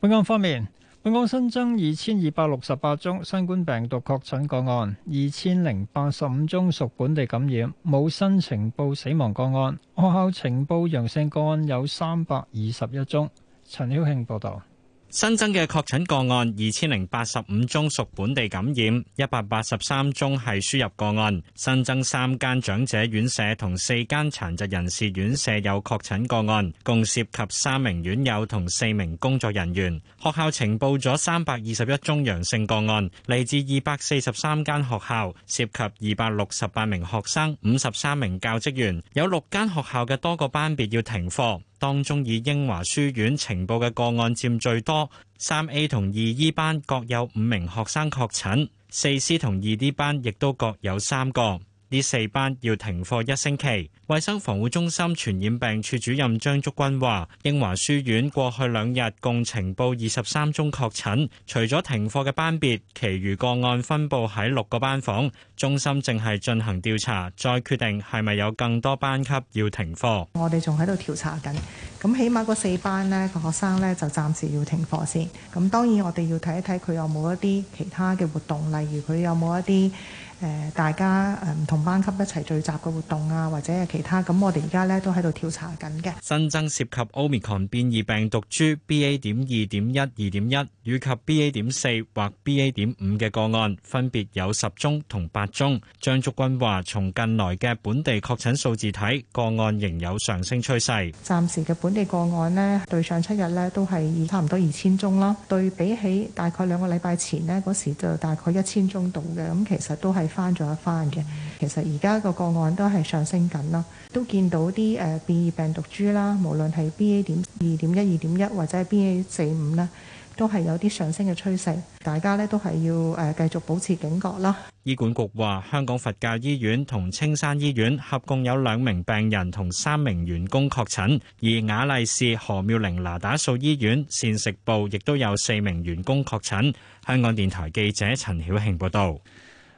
本港方面，本港新增二千二百六十八宗新冠病毒確診個案，二千零八十五宗屬本地感染，冇新情報死亡個案。學校情報陽性個案有三百二十一宗。陳曉慶報道。新增嘅確診個案二千零八十五宗，屬本地感染。一百八十三宗係輸入個案。新增三間長者院舍同四間殘疾人士院舍有確診個案，共涉及三名院友同四名工作人員。學校呈報咗三百二十一宗陽性個案，嚟自二百四十三間學校，涉及二百六十八名學生、五十三名教職員，有六間學校嘅多個班別要停課。當中以英華書院情報嘅個案占最多，三 A 同二 E 班各有五名學生確診，四 C 同二 D 班亦都各有三個。呢四班要停課一星期。衛生防護中心傳染病處主任張竹君話，英華書院過去兩日共呈報二十三宗確診，除咗停課嘅班別，其餘個案分布喺六個班房。中心正係進行調查，再決定係咪有更多班級要停課，我哋仲喺度調查緊，咁起碼嗰四班呢個學生呢就暫時要停課先。咁當然我哋要睇一睇佢有冇一啲其他嘅活動，例如佢有冇一啲。誒大家誒唔同班級一齊聚集嘅活動啊，或者係其他咁，我哋而家咧都喺度調查緊嘅。新增涉及 Omicron 變異病毒株 BA. 點二點一二點一以及 BA. 點四或 BA. 點五嘅個案，分別有十宗同八宗。張竹君話：從近來嘅本地確診數字睇，個案仍有上升趨勢。暫時嘅本地個案呢，對上七日呢都係差唔多二千宗啦。對比起大概兩個禮拜前呢，嗰時就大概一千宗度嘅，咁其實都係。翻咗一翻嘅，其實而家個個案都係上升緊啦，都見到啲誒變異病毒株啦，無論係 BA. 點二點一二點一或者係 BA. 四五啦，都係有啲上升嘅趨勢。大家呢都係要誒繼續保持警覺啦。醫管局話，香港佛教醫院同青山醫院合共有兩名病人同三名員工確診，而雅麗氏何妙齡那打素醫院膳食部亦都有四名員工確診。香港電台記者陳曉慶報道。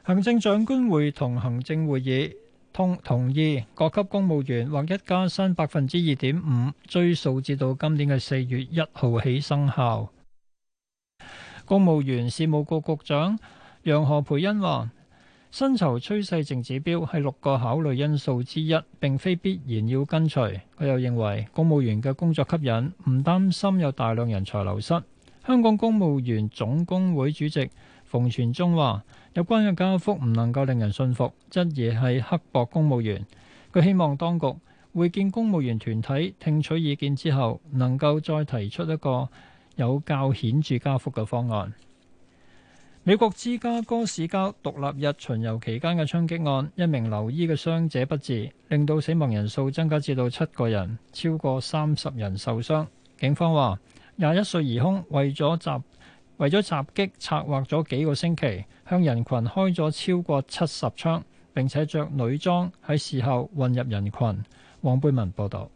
行政長官會同行政會議通同意各級公務員獲一加薪百分之二點五，追溯至到今年嘅四月一號起生效。公務員事務局局長楊何蓓茵話：薪酬趨勢淨指標係六個考慮因素之一，並非必然要跟隨。佢又認為公務員嘅工作吸引，唔擔心有大量人才流失。香港公務員總工會主席馮傳忠話。有關嘅加幅唔能夠令人信服，質疑係刻薄公務員。佢希望當局會見公務員團體，聽取意見之後，能夠再提出一個有較顯著加幅嘅方案。美國芝加哥市郊獨立日巡遊期間嘅槍擊案，一名留醫嘅傷者不治，令到死亡人數增加至到七個人，超過三十人受傷。警方話，廿一歲兒兇為咗集。為咗襲擊，策劃咗幾個星期，向人群開咗超過七十槍，並且着女裝喺事後混入人群。黃貝文報道。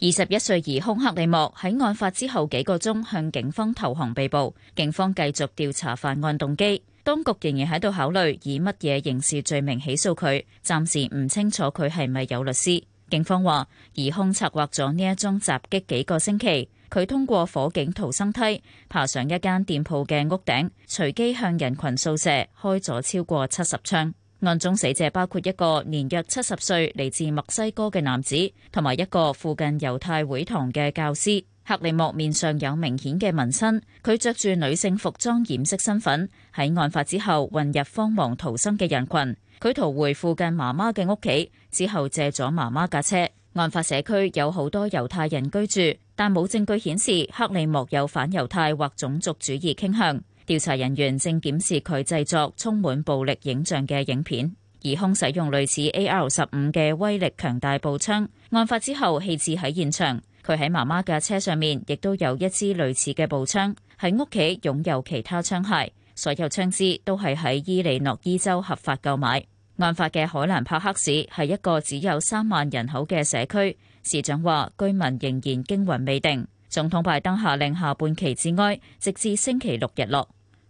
二十一歲疑凶克利莫喺案發之後幾個鐘向警方投降被捕，警方繼續調查犯案動機。當局仍然喺度考慮以乜嘢刑事罪名起訴佢。暫時唔清楚佢係咪有律師。警方話，疑凶策劃咗呢一宗襲擊幾個星期。佢通過火警逃生梯爬上一間店鋪嘅屋頂，隨機向人群掃射，開咗超過七十槍。案中死者包括一個年約七十歲嚟自墨西哥嘅男子，同埋一個附近猶太會堂嘅教師。克利莫面上有明顯嘅紋身，佢着住女性服裝掩飾身份。喺案發之後混入慌忙逃生嘅人群，佢逃回附近媽媽嘅屋企之後借咗媽媽架車。案發社區有好多猶太人居住，但冇證據顯示克里莫有反猶太或種族主義傾向。調查人員正檢視佢製作充滿暴力影像嘅影片，疑兇使用類似 AR-15 嘅威力強大步槍。案發之後，棄置喺現場。佢喺媽媽嘅車上面，亦都有一支類似嘅步槍。喺屋企擁有其他槍械，所有槍支都係喺伊利諾伊州合法購買。案發嘅海蘭帕克市係一個只有三萬人口嘅社區，市長話居民仍然驚魂未定。總統拜登下令下半旗致哀，直至星期六日落。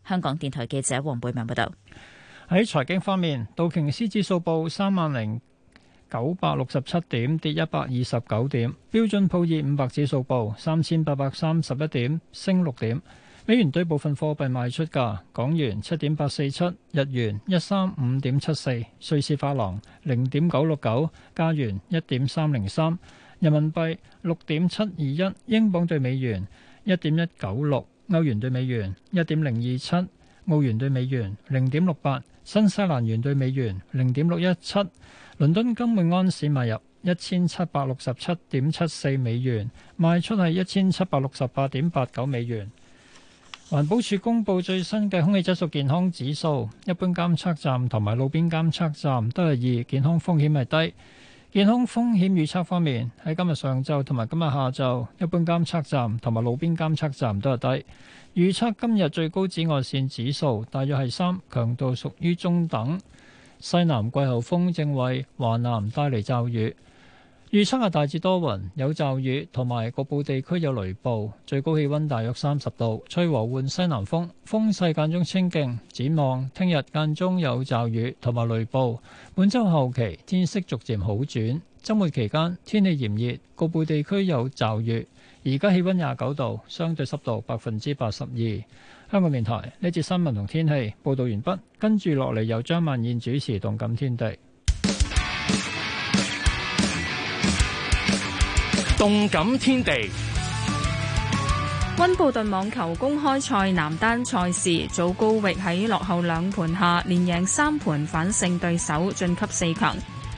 香港電台記者黃貝文報道。喺財經方面，道瓊斯指數報三萬零九百六十七點，跌一百二十九點。標準普爾五百指數報三千八百三十一點，升六點。美元對部分貨幣賣出價：港元七點八四七，日元一三五點七四，瑞士法郎零點九六九，加元一點三零三，人民幣六點七二一，英鎊對美元一點一九六，歐元對美元一點零二七，澳元對美元零點六八，新西蘭元對美元零點六一七。倫敦金每安士買入一千七百六十七點七四美元，賣出係一千七百六十八點八九美元。環保署公布最新嘅空氣質素健康指數，一般監測站同埋路邊監測站都係二，健康風險係低。健康風險預測方面，喺今日上晝同埋今日下晝，一般監測站同埋路邊監測站都係低。預測今日最高紫外線指數大約係三，強度屬於中等。西南季候風正為華南帶嚟驟雨。預測係大致多雲，有驟雨同埋局部地區有雷暴，最高氣温大約三十度，吹和緩西南風，風勢間中清勁。展望聽日間中有驟雨同埋雷暴，本週後期天色逐漸好轉。周末期間天氣炎熱，局部地區有驟雨。而家氣温廿九度，相對濕度百分之八十二。香港電台呢節新聞同天氣報導完畢，跟住落嚟由張曼燕主持《動感天地》。動感天地，溫布頓網球公開賽男單賽事，祖高域喺落後兩盤下，連贏三盤反勝對手晉級四強。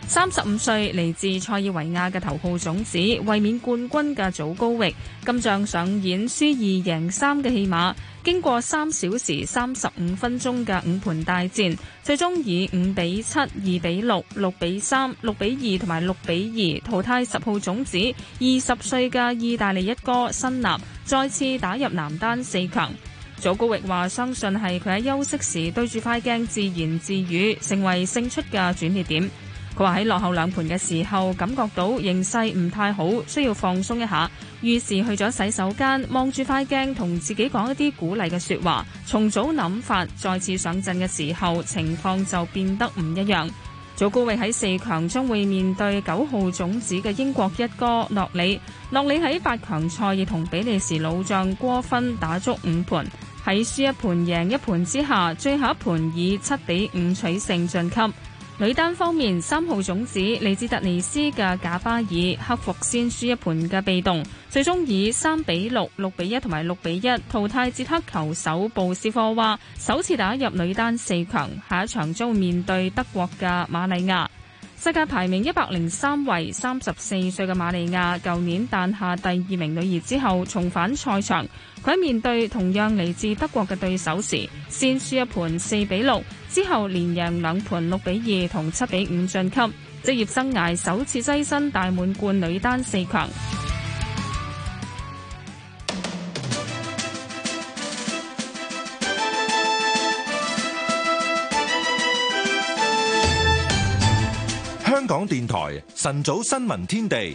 三十五歲嚟自塞爾維亞嘅頭號種子、衛冕冠軍嘅祖高域今仗上演輸二贏三嘅戲碼，經過三小時三十五分鐘嘅五盤大戰，最終以五比七、二比六、六比三、六比二同埋六比二淘汰十號種子二十歲嘅意大利一哥辛納，再次打入男單四強。祖高域話：相信係佢喺休息時對住塊鏡自言自語，成為勝出嘅轉捩點。佢話喺落後兩盤嘅時候，感覺到形勢唔太好，需要放鬆一下，於是去咗洗手間，望住塊鏡，同自己講一啲鼓勵嘅説話。重組諗法，再次上陣嘅時候，情況就變得唔一樣。祖高域喺四強將會面對九號種子嘅英國一哥諾里。諾里喺八強賽亦同比利時老將郭芬打足五盤，喺輸一盤贏一盤之下，最後一盤以七比五取勝晉級。女單方面，三號種子嚟自特尼斯嘅賈巴爾克服先輸一盤嘅被動，最終以三比六、六比一同埋六比一淘汰捷克球手布斯科娃，話首次打入女單四強，下一場將會面對德國嘅瑪利亞。世界排名一百零三位、三十四歲嘅瑪利亞，舊年誕下第二名女兒之後重返賽場。佢喺面對同樣嚟自德國嘅對手時，先輸一盤四比六。之後連贏兩盤六比二同七比五晉級，職業生涯首次躋身大滿貫女單四強。香港電台晨早新聞天地。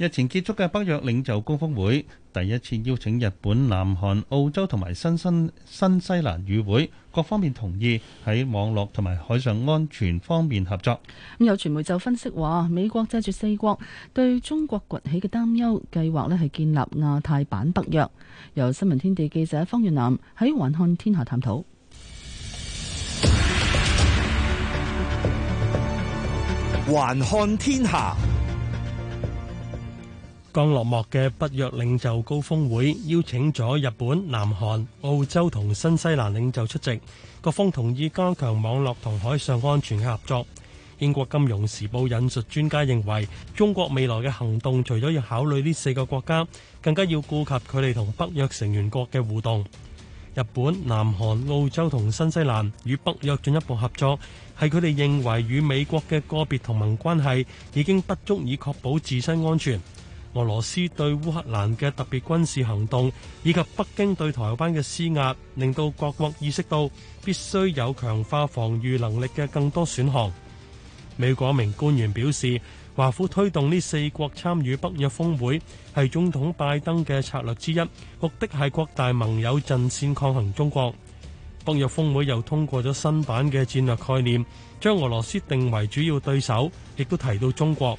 日前結束嘅北約領袖高峯會，第一次邀請日本、南韓、澳洲同埋新新新西蘭與會，各方面同意喺網絡同埋海上安全方面合作。咁、嗯、有傳媒就分析話，美國藉住四國對中國崛起嘅擔憂，計劃呢係建立亞太版北約。由新聞天地記者方月南喺環看天下探討環看天下。剛落幕嘅北約領袖高峰會邀請咗日本、南韓、澳洲同新西蘭領袖出席，各方同意加強網絡同海上安全嘅合作。英國金融時報引述專家認為，中國未來嘅行動除咗要考慮呢四個國家，更加要顧及佢哋同北約成員國嘅互動，日本、南韓、澳洲同新西蘭與北約進一步合作，係佢哋認為與美國嘅個別同盟關係已經不足以確保自身安全。俄羅斯對烏克蘭嘅特別軍事行動，以及北京對台灣嘅施壓，令到各國意識到必須有強化防禦能力嘅更多選項。美國一名官員表示，華府推動呢四國參與北約峰會係總統拜登嘅策略之一，目的係擴大盟友陣線抗衡中國。北約峰會又通過咗新版嘅戰略概念，將俄羅斯定為主要對手，亦都提到中國。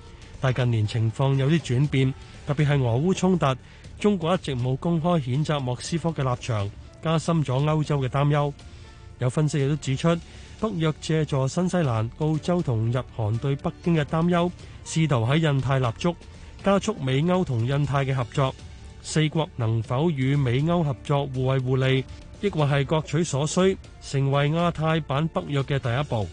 但近年情況有啲轉變，特別係俄烏衝突，中國一直冇公開譴責莫斯科嘅立場，加深咗歐洲嘅擔憂。有分析亦都指出，北約借助新西蘭、澳洲同日韓對北京嘅擔憂，試圖喺印太立足，加速美歐同印太嘅合作。四國能否與美歐合作互惠互利，抑或係各取所需，成為亞太版北約嘅第一步？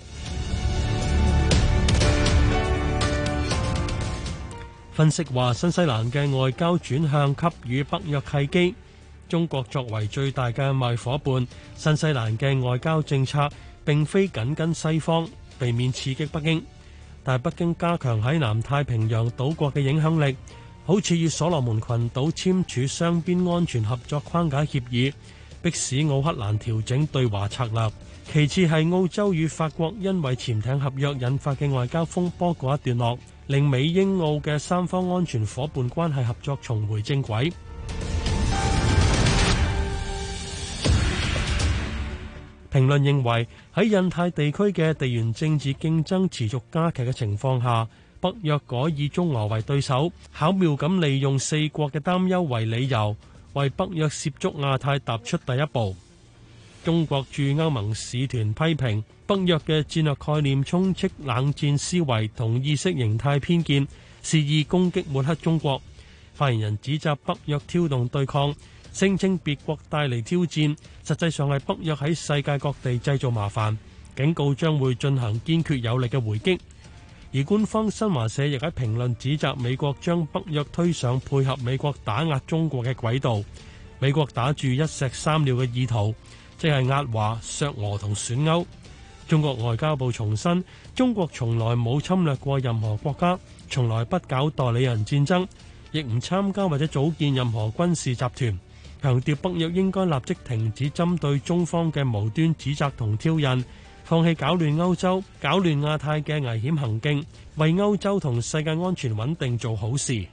分析話，新西蘭嘅外交轉向給予北約契機。中國作為最大嘅賣伙伴，新西蘭嘅外交政策並非緊跟西方，避免刺激北京。但北京加強喺南太平洋島國嘅影響力，好似與所羅門群島簽署雙邊安全合作框架協議，迫使奧克蘭調整對華策略。其次係澳洲與法國因為潛艇合約引發嘅外交風波告一段落。令美英澳嘅三方安全夥伴關係合作重回正軌。評論認為，喺印太地區嘅地緣政治競爭持續加劇嘅情況下，北約改以中俄為對手，巧妙咁利用四國嘅擔憂為理由，為北約涉足亞太踏出第一步。中國駐歐盟使團批評。北約嘅戰略概念充斥冷戰思維同意識形態偏見，肆意攻擊抹黑中國。發言人指責北約挑動對抗，聲稱別國帶嚟挑戰，實際上係北約喺世界各地製造麻煩，警告將會進行堅決有力嘅回擊。而官方新華社亦喺評論指責美國將北約推上配合美國打壓中國嘅軌道，美國打住一石三鳥嘅意圖，即係壓華、削俄同選歐。中國外交部重申，中國從來冇侵略過任何國家，從來不搞代理人戰爭，亦唔參加或者組建任何軍事集團。強調北約應該立即停止針對中方嘅無端指責同挑釁，放棄搞亂歐洲、搞亂亞太嘅危險行徑，為歐洲同世界安全穩定做好事。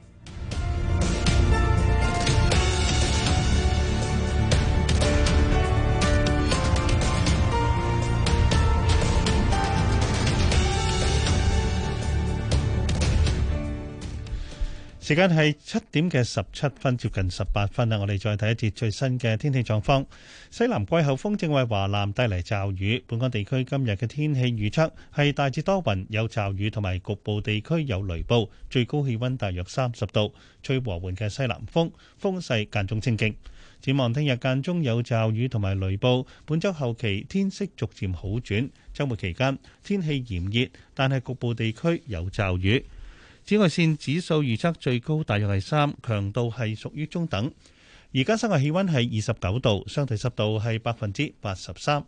時間係七點嘅十七分，接近十八分啦。我哋再睇一節最新嘅天氣狀況。西南季候風正為華南帶嚟驟雨，本港地區今日嘅天氣預測係大致多雲，有驟雨同埋局部地區有雷暴，最高氣溫大約三十度。吹和緩嘅西南風，風勢間中清勁。展望聽日間中有驟雨同埋雷暴，本周後期天色逐漸好轉。周末期間天氣炎熱，但係局部地區有驟雨。紫外線指數預測最高大約係三，強度係屬於中等。而家室外氣温係二十九度，相對濕度係百分之八十三。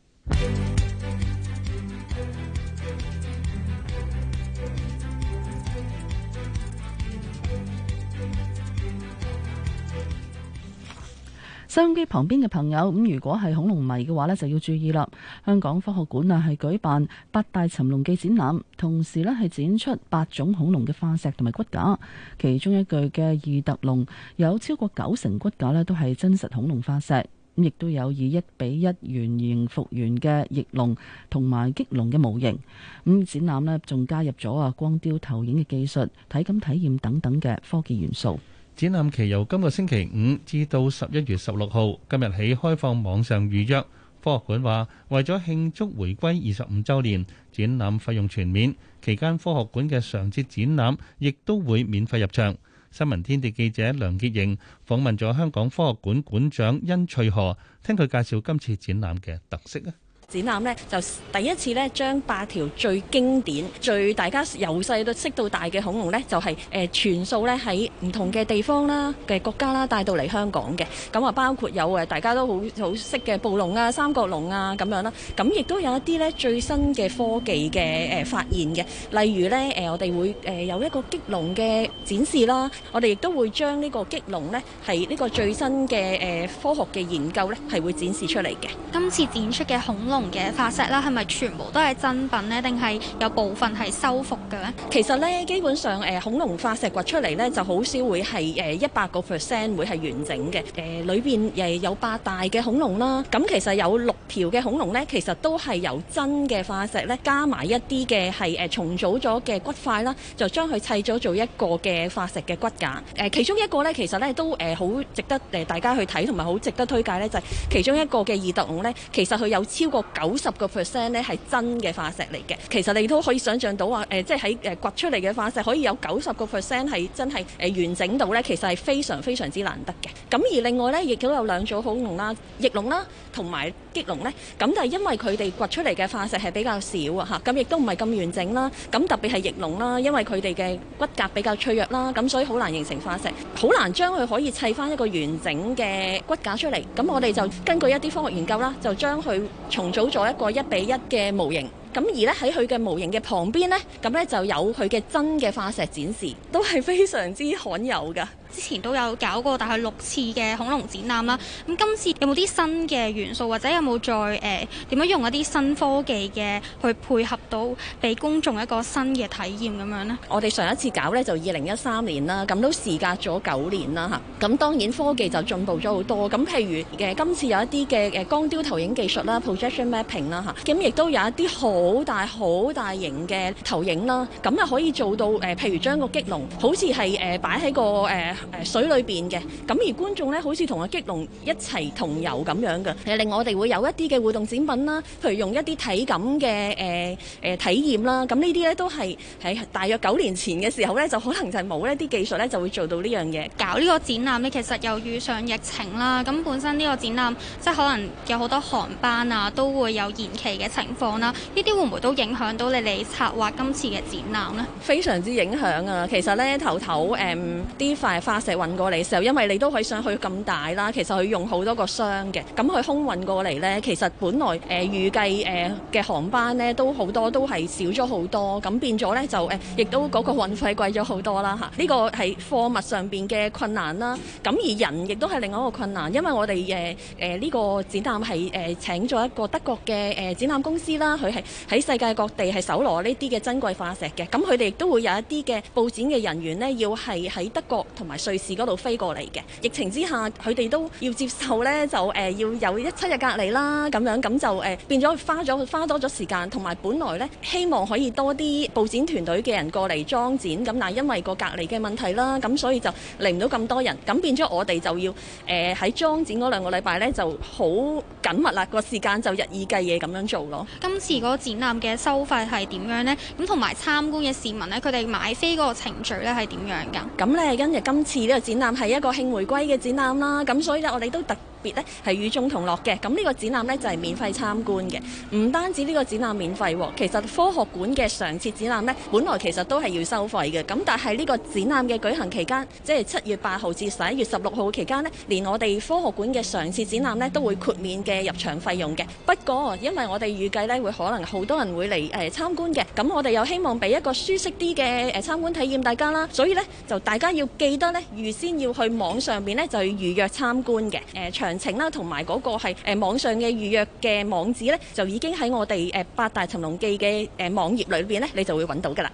收音機旁邊嘅朋友，咁如果係恐龍迷嘅話咧，就要注意啦。香港科學館啊，係舉辦八大尋龍記展覽，同時咧係展出八種恐龍嘅化石同埋骨架，其中一具嘅異特龍有超過九成骨架咧都係真實恐龍化石，亦都有以一比一原形復原嘅翼龍同埋棘龍嘅模型。咁展覽咧仲加入咗啊光雕投影嘅技術、體感體驗等等嘅科技元素。展覽期由今個星期五至到十一月十六號，今日起開放網上預約。科學館話，為咗慶祝回歸二十五周年，展覽費用全免，期間科學館嘅常設展覽亦都會免費入場。新聞天地記者梁潔瑩訪問咗香港科學館館長殷翠荷，聽佢介紹今次展覽嘅特色啊！展覽呢，就第一次呢，將八條最經典、最大家由細到識到大嘅恐龍呢，就係、是、誒、呃、全數呢喺唔同嘅地方啦嘅國家啦，帶到嚟香港嘅。咁、嗯、啊，包括有誒大家都好好識嘅暴龍啊、三角龍啊咁樣啦。咁、嗯、亦都有一啲呢最新嘅科技嘅誒、呃、發現嘅，例如呢，誒、呃、我哋會誒有一個激龍嘅展示啦。我哋亦都會將呢個激龍呢，係呢個最新嘅誒、呃、科學嘅研究呢，係會展示出嚟嘅。今次展出嘅恐龍嘅化石啦，係咪全部都係真品咧？定係有部分係修復嘅咧？其實咧，基本上誒、呃、恐龍化石掘出嚟咧，就好少會係誒一百個 percent 會係完整嘅。誒、呃、裏邊誒有八大嘅恐龍啦。咁、嗯、其實有六條嘅恐龍咧，其實都係由真嘅化石咧，加埋一啲嘅係誒重組咗嘅骨塊啦，就將佢砌咗做一個嘅化石嘅骨架。誒、呃、其中一個咧，其實咧都誒好、呃、值得誒大家去睇同埋好值得推介咧，就係、是、其中一個嘅異特龍咧，其實佢有超過。九十個 percent 咧係真嘅化石嚟嘅，其實你都可以想像到啊，誒、呃，即係喺誒掘出嚟嘅化石，可以有九十個 percent 係真係誒完整到呢。其實係非常非常之難得嘅。咁而另外呢，亦都有兩組恐龍啦，翼龍啦，同埋棘龍呢。咁但係因為佢哋掘出嚟嘅化石係比較少啊，嚇，咁亦都唔係咁完整啦。咁、啊、特別係翼龍啦，因為佢哋嘅骨骼比較脆弱啦，咁所以好難形成化石，好難將佢可以砌翻一個完整嘅骨架出嚟。咁我哋就根據一啲科學研究啦，就將佢重。做咗一個一比一嘅模型，咁而咧喺佢嘅模型嘅旁邊咧，咁咧就有佢嘅真嘅化石展示，都係非常之罕有噶。之前都有搞過大概六次嘅恐龍展覽啦，咁今次有冇啲新嘅元素，或者有冇再誒點、呃、樣用一啲新科技嘅去配合到俾公眾一個新嘅體驗咁樣呢？我哋上一次搞呢就二零一三年啦，咁都時隔咗九年啦嚇。咁當然科技就進步咗好多，咁譬如嘅、呃、今次有一啲嘅誒光雕投影技術啦 （projection mapping） 啦嚇，咁亦都有一啲好大好大型嘅投影啦，咁啊可以做到誒、呃、譬如將個激龍好似係誒擺喺個誒。呃水裏邊嘅，咁而觀眾呢，好似同阿激龍一齊同遊咁樣嘅，誒令我哋會有一啲嘅互動展品啦，譬如用一啲體感嘅誒誒體驗啦，咁呢啲呢，都係喺大約九年前嘅時候呢，就可能就係冇一啲技術呢，就會做到呢樣嘢。搞呢個展覽呢，其實又遇上疫情啦，咁本身呢個展覽即係可能有好多航班啊都會有延期嘅情況啦，呢啲會唔會都影響到你哋策劃今次嘅展覽呢？非常之影響啊！其實呢，頭頭誒啲快。嗯化石運過嚟嘅時候，因為你都可以上去咁大啦，其實佢用好多個箱嘅，咁佢空運過嚟呢。其實本來誒、呃、預計誒嘅航班呢，都好多都係少咗好多，咁變咗呢，就誒、呃，亦都嗰個運費貴咗好多啦嚇。呢、啊這個係貨物上邊嘅困難啦，咁、啊、而人亦都係另外一個困難，因為我哋誒誒呢個展覽係誒、呃、請咗一個德國嘅誒、呃、展覽公司啦，佢係喺世界各地係搜羅呢啲嘅珍貴化石嘅，咁佢哋亦都會有一啲嘅佈展嘅人員呢，要係喺德國同埋。瑞士嗰度飛過嚟嘅，疫情之下佢哋都要接受咧，就誒、呃、要有一七日隔離啦，咁樣咁就誒、呃、變咗花咗花多咗時間同埋本來咧希望可以多啲布展團隊嘅人過嚟裝展，咁但係因為個隔離嘅問題啦，咁所以就嚟唔到咁多人，咁變咗我哋就要誒喺裝展嗰兩個禮拜咧就好緊密啦，個時間就日以繼夜咁樣做咯。今次個展覽嘅收費係點樣咧？咁同埋參觀嘅市民咧，佢哋買飛嗰個程序咧係點樣噶，咁咧跟住今。次呢個展覽係一個慶回歸嘅展覽啦，咁所以咧，我哋都特。特別呢係與眾同樂嘅，咁呢個展覽呢，就係、是、免費參觀嘅。唔單止呢個展覽免費，其實科學館嘅常設展覽呢，本來其實都係要收費嘅。咁但係呢個展覽嘅舉行期間，即係七月八號至十一月十六號期間呢，連我哋科學館嘅常設展覽呢，都會豁免嘅入場費用嘅。不過因為我哋預計呢，會可能好多人會嚟誒、呃、參觀嘅，咁我哋又希望俾一個舒適啲嘅誒參觀體驗大家啦，所以呢，就大家要記得呢，預先要去網上邊呢，就要預約參觀嘅誒、呃詳情啦，同埋嗰個係誒、呃、網上嘅預約嘅網址咧，就已經喺我哋誒、呃、八大尋龍記嘅誒、呃、網頁裏邊咧，你就會揾到噶啦。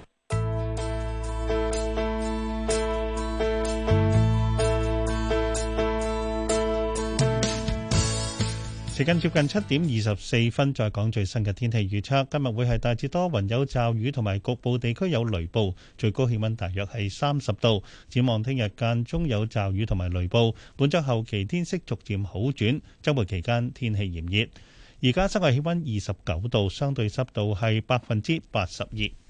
時間接近七點二十四分，再講最新嘅天氣預測。今日會係大致多雲有驟雨，同埋局部地區有雷暴，最高氣溫大約係三十度。展望聽日間中有驟雨同埋雷暴，本周後期天色逐漸好轉。周末期間天氣炎熱。而家室外氣溫二十九度，相對濕度係百分之八十二。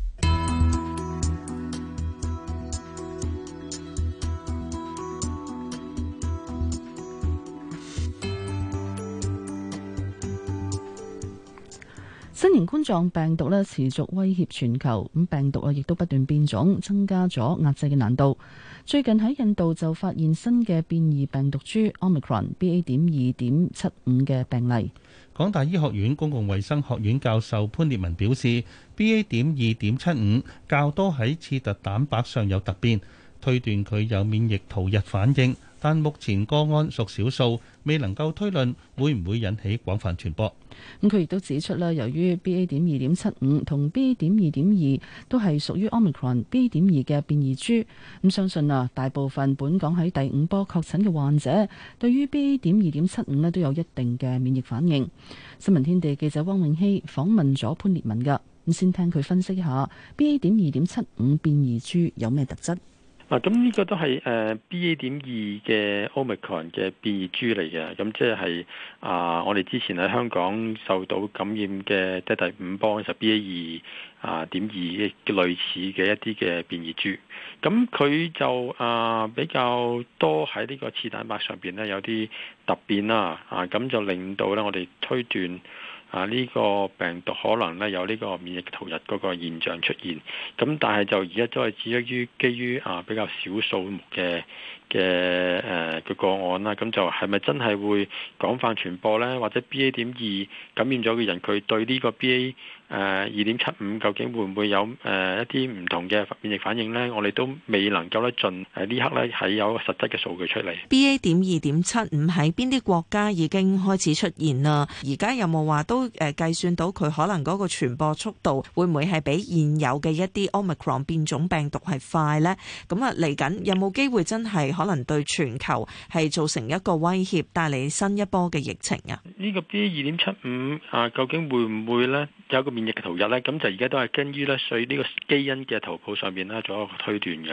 新型冠狀病毒咧持續威脅全球，咁病毒啊亦都不斷變種，增加咗壓制嘅難度。最近喺印度就發現新嘅變異病毒株 Omicron BA. 點二點七五嘅病例。港大醫學院公共衛生學院教授潘烈文表示，BA. 點二點七五較多喺刺突蛋白上有突變，推斷佢有免疫逃逸反應，但目前個案屬少數，未能夠推論會唔會引起廣泛傳播。咁佢亦都指出啦，由於 BA. 點二點七五同 B 點二點二都係屬於 Omicron B 點二嘅變異株，咁相信啊，大部分本港喺第五波確診嘅患者對於 BA. 點二點七五咧都有一定嘅免疫反應。新聞天地記者汪永熙訪問咗潘烈文噶，咁先聽佢分析一下 BA. 點二點七五變異株有咩特質。啊，咁呢個都係誒 B. A. 點二嘅 Omicron 嘅變異株嚟嘅，咁即係啊，我哋之前喺香港受到感染嘅即係第五波就 B. A. 二啊點二嘅類似嘅一啲嘅變異株，咁佢就啊、呃、比較多喺呢個刺蛋白上邊咧有啲突變啦，啊咁就令到咧我哋推斷。啊！呢個病毒可能咧有呢個免疫逃逸嗰個現象出現，咁但係就而家都係至於基於啊比較少數嘅嘅誒嘅個案啦，咁就係咪真係會廣泛傳播呢？或者 B A 點二感染咗嘅人，佢對呢個 B A 誒，二點七五究竟會唔會有誒一啲唔同嘅免疫反應呢？我哋都未能夠得盡誒呢刻咧，係有實質嘅數據出嚟。B A 點二點七五喺邊啲國家已經開始出現啦？而家有冇話都誒計算到佢可能嗰個傳播速度會唔會係比現有嘅一啲 omicron 變種病毒係快呢？咁啊，嚟緊有冇機會真係可能對全球係造成一個威脅，帶嚟新一波嘅疫情啊？呢個 B A 二點七五啊，究竟會唔會呢？有個免疫嘅逃逸呢，咁就而家都係根於呢。所以呢個基因嘅圖譜上面呢，做一個推斷嘅、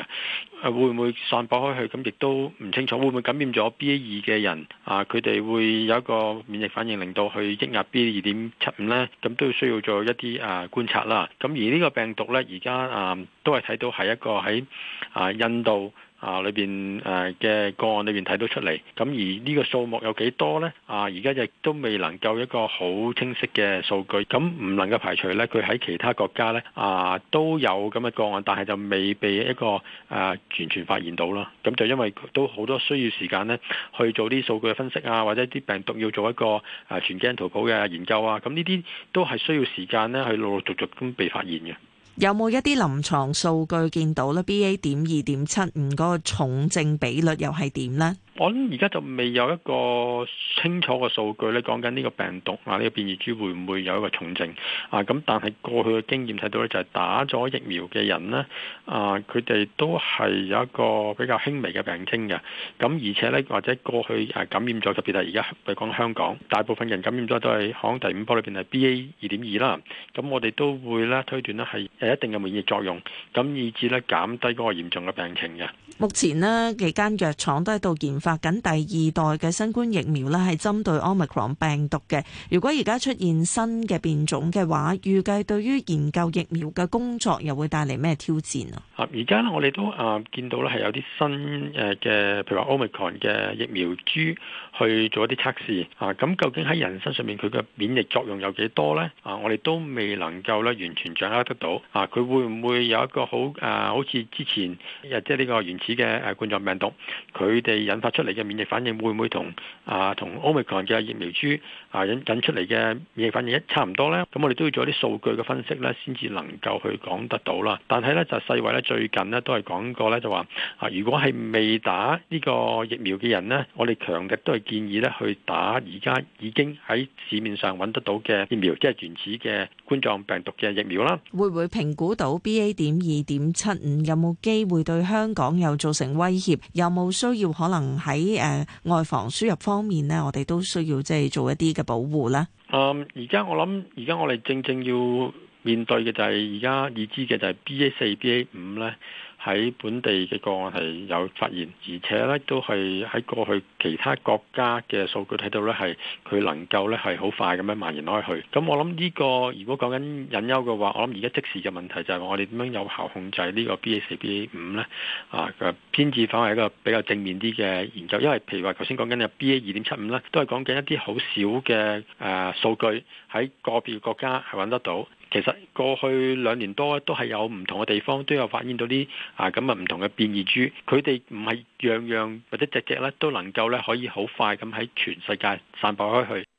啊，會唔會散播開去？咁亦都唔清楚，會唔會感染咗 BA 二嘅人啊？佢哋會有一個免疫反應，令到去抑壓 BA 二點七五咧，咁都需要做一啲啊觀察啦。咁而呢個病毒呢，而家啊都係睇到係一個喺啊印度。啊，裏邊誒嘅個案裏邊睇到出嚟，咁而呢個數目有幾多呢？啊，而家亦都未能夠一個好清晰嘅數據，咁唔能夠排除呢。佢喺其他國家呢啊都有咁嘅個案，但係就未被一個啊完全，全發現到啦。咁就因為都好多需要時間呢去做啲數據分析啊，或者啲病毒要做一個啊全基因圖譜嘅研究啊，咁呢啲都係需要時間呢去陸陸續續咁被發現嘅。有冇一啲臨床數據見到呢？BA 點二點七五嗰個重症比率又係點呢？我諗而家就未有一個清楚嘅數據咧，講緊呢個病毒啊，呢個變異株會唔會有一個重症啊？咁但係過去嘅經驗睇到咧，就係打咗疫苗嘅人咧，啊佢哋都係有一個比較輕微嘅病徵嘅。咁而且咧，或者過去感染咗，特別係而家譬如講香港，大部分人感染咗都係響第五波裏邊係 BA 二點二啦。咁我哋都會咧推斷咧係有一定嘅免疫作用，咁以至咧減低嗰個嚴重嘅病情嘅。目前呢，幾間藥廠都喺度研發緊第二代嘅新冠疫苗咧，係針對 Omicron 病毒嘅。如果而家出現新嘅變種嘅話，預計對於研究疫苗嘅工作又會帶嚟咩挑戰啊？啊，而家我哋都啊見到咧係有啲新誒嘅，譬如話 Omicron 嘅疫苗株去做一啲測試啊。咁究竟喺人身上面佢嘅免疫作用有幾多呢？啊，我哋都未能夠咧完全掌握得到啊。佢會唔會有一個好啊？好似之前即係呢個原始。嘅誒冠狀病毒，佢哋引發出嚟嘅免疫反應會唔會同啊同奧密克戎嘅疫苗株？啊引緊出嚟嘅嘢反應一差唔多咧，咁我哋都要做一啲數據嘅分析咧，先至能夠去講得到啦。但係咧就世衛咧最近咧都係講過咧，就話啊如果係未打呢個疫苗嘅人咧，我哋強力都係建議咧去打而家已經喺市面上揾得到嘅疫苗，即係原始嘅冠狀病毒嘅疫苗啦。會唔會評估到 B A 點二點七五有冇機會對香港有造成威脅？有冇需要可能喺誒外防輸入方面咧，我哋都需要即係做一啲？保護咧，誒、嗯，而家我諗，而家我哋正正要，面對嘅就係而家已知嘅就係 B A 四 B A 五呢。喺本地嘅個案係有發現，而且呢都係喺過去其他國家嘅數據睇到呢，係佢能夠呢係好快咁樣蔓延開去。咁我諗呢個如果講緊隱憂嘅話，我諗而家即時嘅問題就係我哋點樣有效控制呢個 B A 四 B A 五呢？啊，偏至反而係一個比較正面啲嘅研究，因為譬如話頭先講緊嘅 B A 二點七五咧，都係講緊一啲好少嘅誒數據喺個別國家係揾得到。其實過去兩年多都係有唔同嘅地方都有發現到啲啊咁啊唔同嘅變異株，佢哋唔係樣樣或者隻隻咧都能夠咧可以好快咁喺全世界散播開去。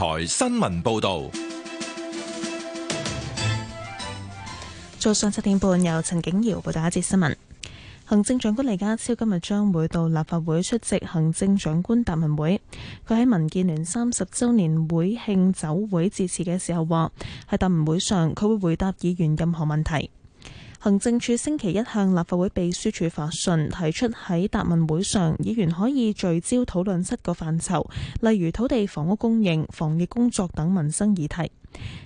台新聞報導，早上七點半由陳景堯報道一節新聞。行政長官李家超今日將會到立法會出席行政長官答問會。佢喺民建聯三十周年會慶酒會致辭嘅時候話：喺答問會上，佢會回答議員任何問題。行政署星期一向立法會秘書處發信，提出喺答問會上，議員可以聚焦討論七個範疇，例如土地、房屋供應、防疫工作等民生議題。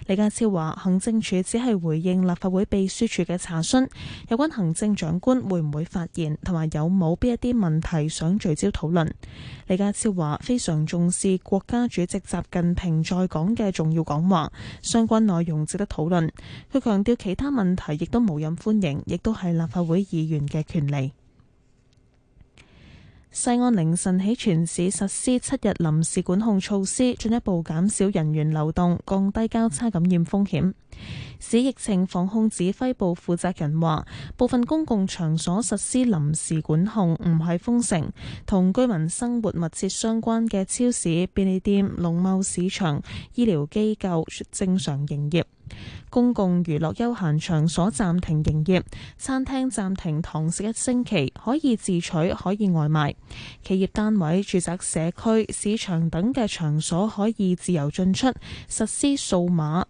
李家超話，行政處只係回應立法會秘書處嘅查詢，有關行政長官會唔會發言，同埋有冇邊一啲問題想聚焦討論。李家超話非常重視國家主席習近平在港嘅重要講話，相關內容值得討論。佢強調其他問題亦都無任歡迎，亦都係立法會議員嘅權利。西安凌晨起全市實施七日臨時管控措施，進一步減少人員流動，降低交叉感染風險。市疫情防控指揮部負責人話部分公共場所實施臨時管控，唔係封城。同居民生活密切相關嘅超市、便利店、農貿市場、醫療機構正常營業。公共娛樂休閒場所暫停營業，餐廳暫停堂食一星期，可以自取，可以外賣。企業單位、住宅社區、市場等嘅場所可以自由進出，實施數碼，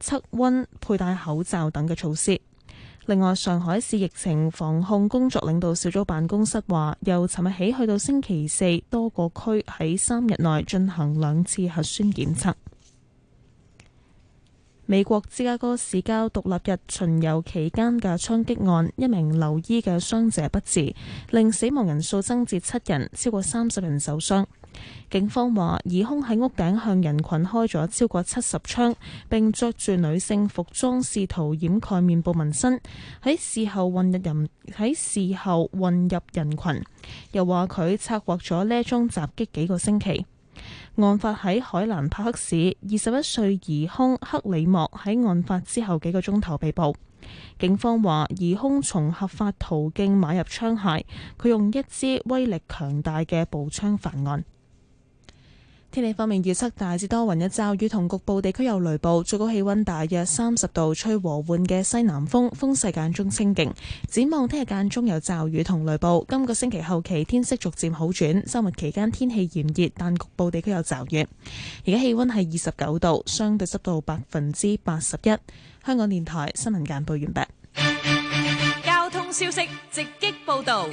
測温、佩戴口罩等嘅措施。另外，上海市疫情防控工作領導小組辦公室話，由尋日起去到星期四，多個區喺三日內進行兩次核酸檢測。美國芝加哥市郊獨立日巡遊期間嘅槍擊案，一名留醫嘅傷者不治，令死亡人數增至七人，超過三十人受傷。警方話：疑兇喺屋頂向人群開咗超過七十槍，並着住女性服裝，試圖掩蓋面部紋身。喺事後混入人喺事後混入人羣，又話佢策劃咗呢一宗襲擊幾個星期。案發喺海蘭帕克市，二十一歲疑兇克里莫喺案發之後幾個鐘頭被捕。警方話：疑兇從合法途徑買入槍械，佢用一支威力強大嘅步槍犯案。天氣方面預測大致多雲，有驟雨，同局部地區有雷暴，最高氣溫大約三十度，吹和緩嘅西南風，風勢間中清勁。展望聽日間中有驟雨同雷暴，今個星期後期天色逐漸好轉，周末期間天氣炎熱，但局部地區有驟雨。而家氣溫係二十九度，相對濕度百分之八十一。香港電台新聞簡報完畢。交通消息直擊報道。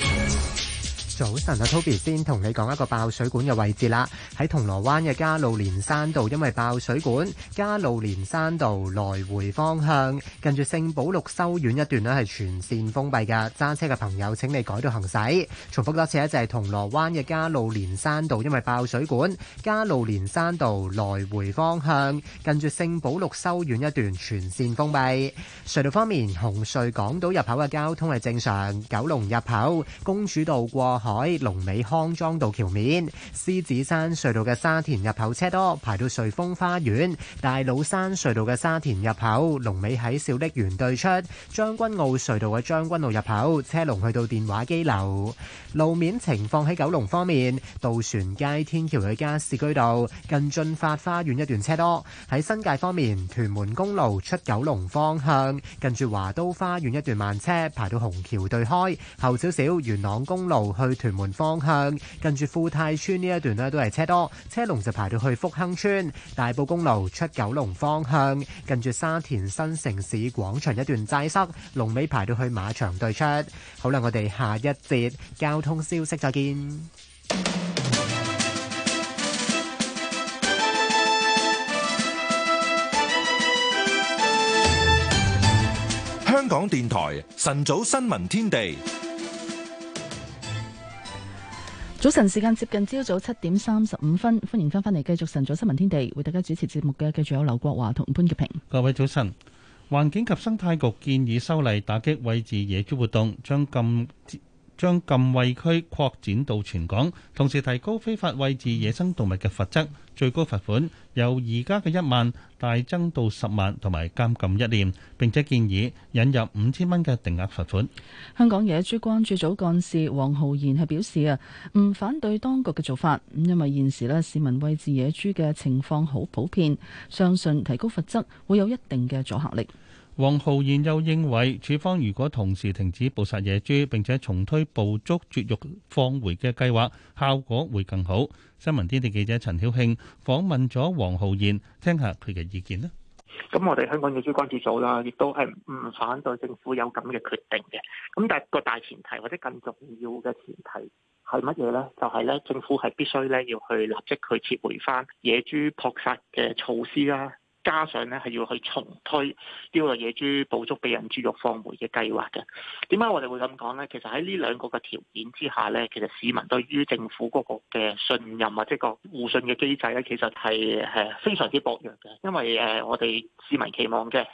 早晨啊，Toby 先同你講一個爆水管嘅位置啦，喺銅鑼灣嘅加路連山道，因為爆水管，加路連山道來回方向，近住聖保祿修院一段咧係全綫封閉嘅，揸車嘅朋友請你改道行駛。重複多次咧，就係銅鑼灣嘅加路連山道，因為爆水管，加路連山道來回方向，近住聖保祿修院一段全綫封閉。隧道方面，紅隧港島入口嘅交通係正常，九龍入口公主道過。海龍尾康莊道橋面，獅子山隧道嘅沙田入口車多，排到瑞峰花園；大老山隧道嘅沙田入口，龍尾喺小瀝源對出；將軍澳隧道嘅將軍澳入口，車龍去到電話機樓。路面情況喺九龍方面，渡船街天橋嘅加士居道近駿發花園一段車多；喺新界方面，屯門公路出九龍方向近住華都花園一段慢車，排到紅橋對開後少少，元朗公路去屯門方向，近住富泰村呢一段咧都係車多車龍，就排到去福亨村大埔公路出九龍方向，近住沙田新城市廣場一段擠塞，龍尾排到去馬場對出。好啦，我哋下一節交通消息再見。香港電台晨早新聞天地。早晨時間接近朝早七點三十五分，歡迎翻返嚟繼續晨早新聞天地，為大家主持節目嘅繼續有劉國華同潘潔平。各位早晨，環境及生態局建議修例打擊餵飼野豬活動，將禁。將禁餵區擴展到全港，同時提高非法餵飼野生動物嘅罰則，最高罰款由而家嘅一萬大增到十萬同埋監禁一年。並且建議引入五千蚊嘅定額罰款。香港野豬關注組幹事黃浩然係表示啊，唔反對當局嘅做法，咁因為現時呢市民餵飼野豬嘅情況好普遍，相信提高罰則會有一定嘅阻嚇力。黃浩然又認為，署方如果同時停止捕殺野豬，並且重推捕捉絕育放回嘅計劃，效果會更好。新聞天地記者陳曉慶訪問咗黃浩然，聽下佢嘅意見啦。咁我哋香港野豬關注組啦，亦都係唔反對政府有咁嘅決定嘅。咁但係個大前提或者更重要嘅前提係乜嘢呢？就係咧政府係必須咧要去立即去撤回翻野豬撲殺嘅措施啦。加上咧係要去重推呢個野豬捕，捕捉俾人豬肉放回嘅計劃嘅，點解我哋會咁講咧？其實喺呢兩個嘅條件之下咧，其實市民對於政府嗰個嘅信任或者個互信嘅機制咧，其實係係非常之薄弱嘅，因為誒、呃、我哋市民期望嘅。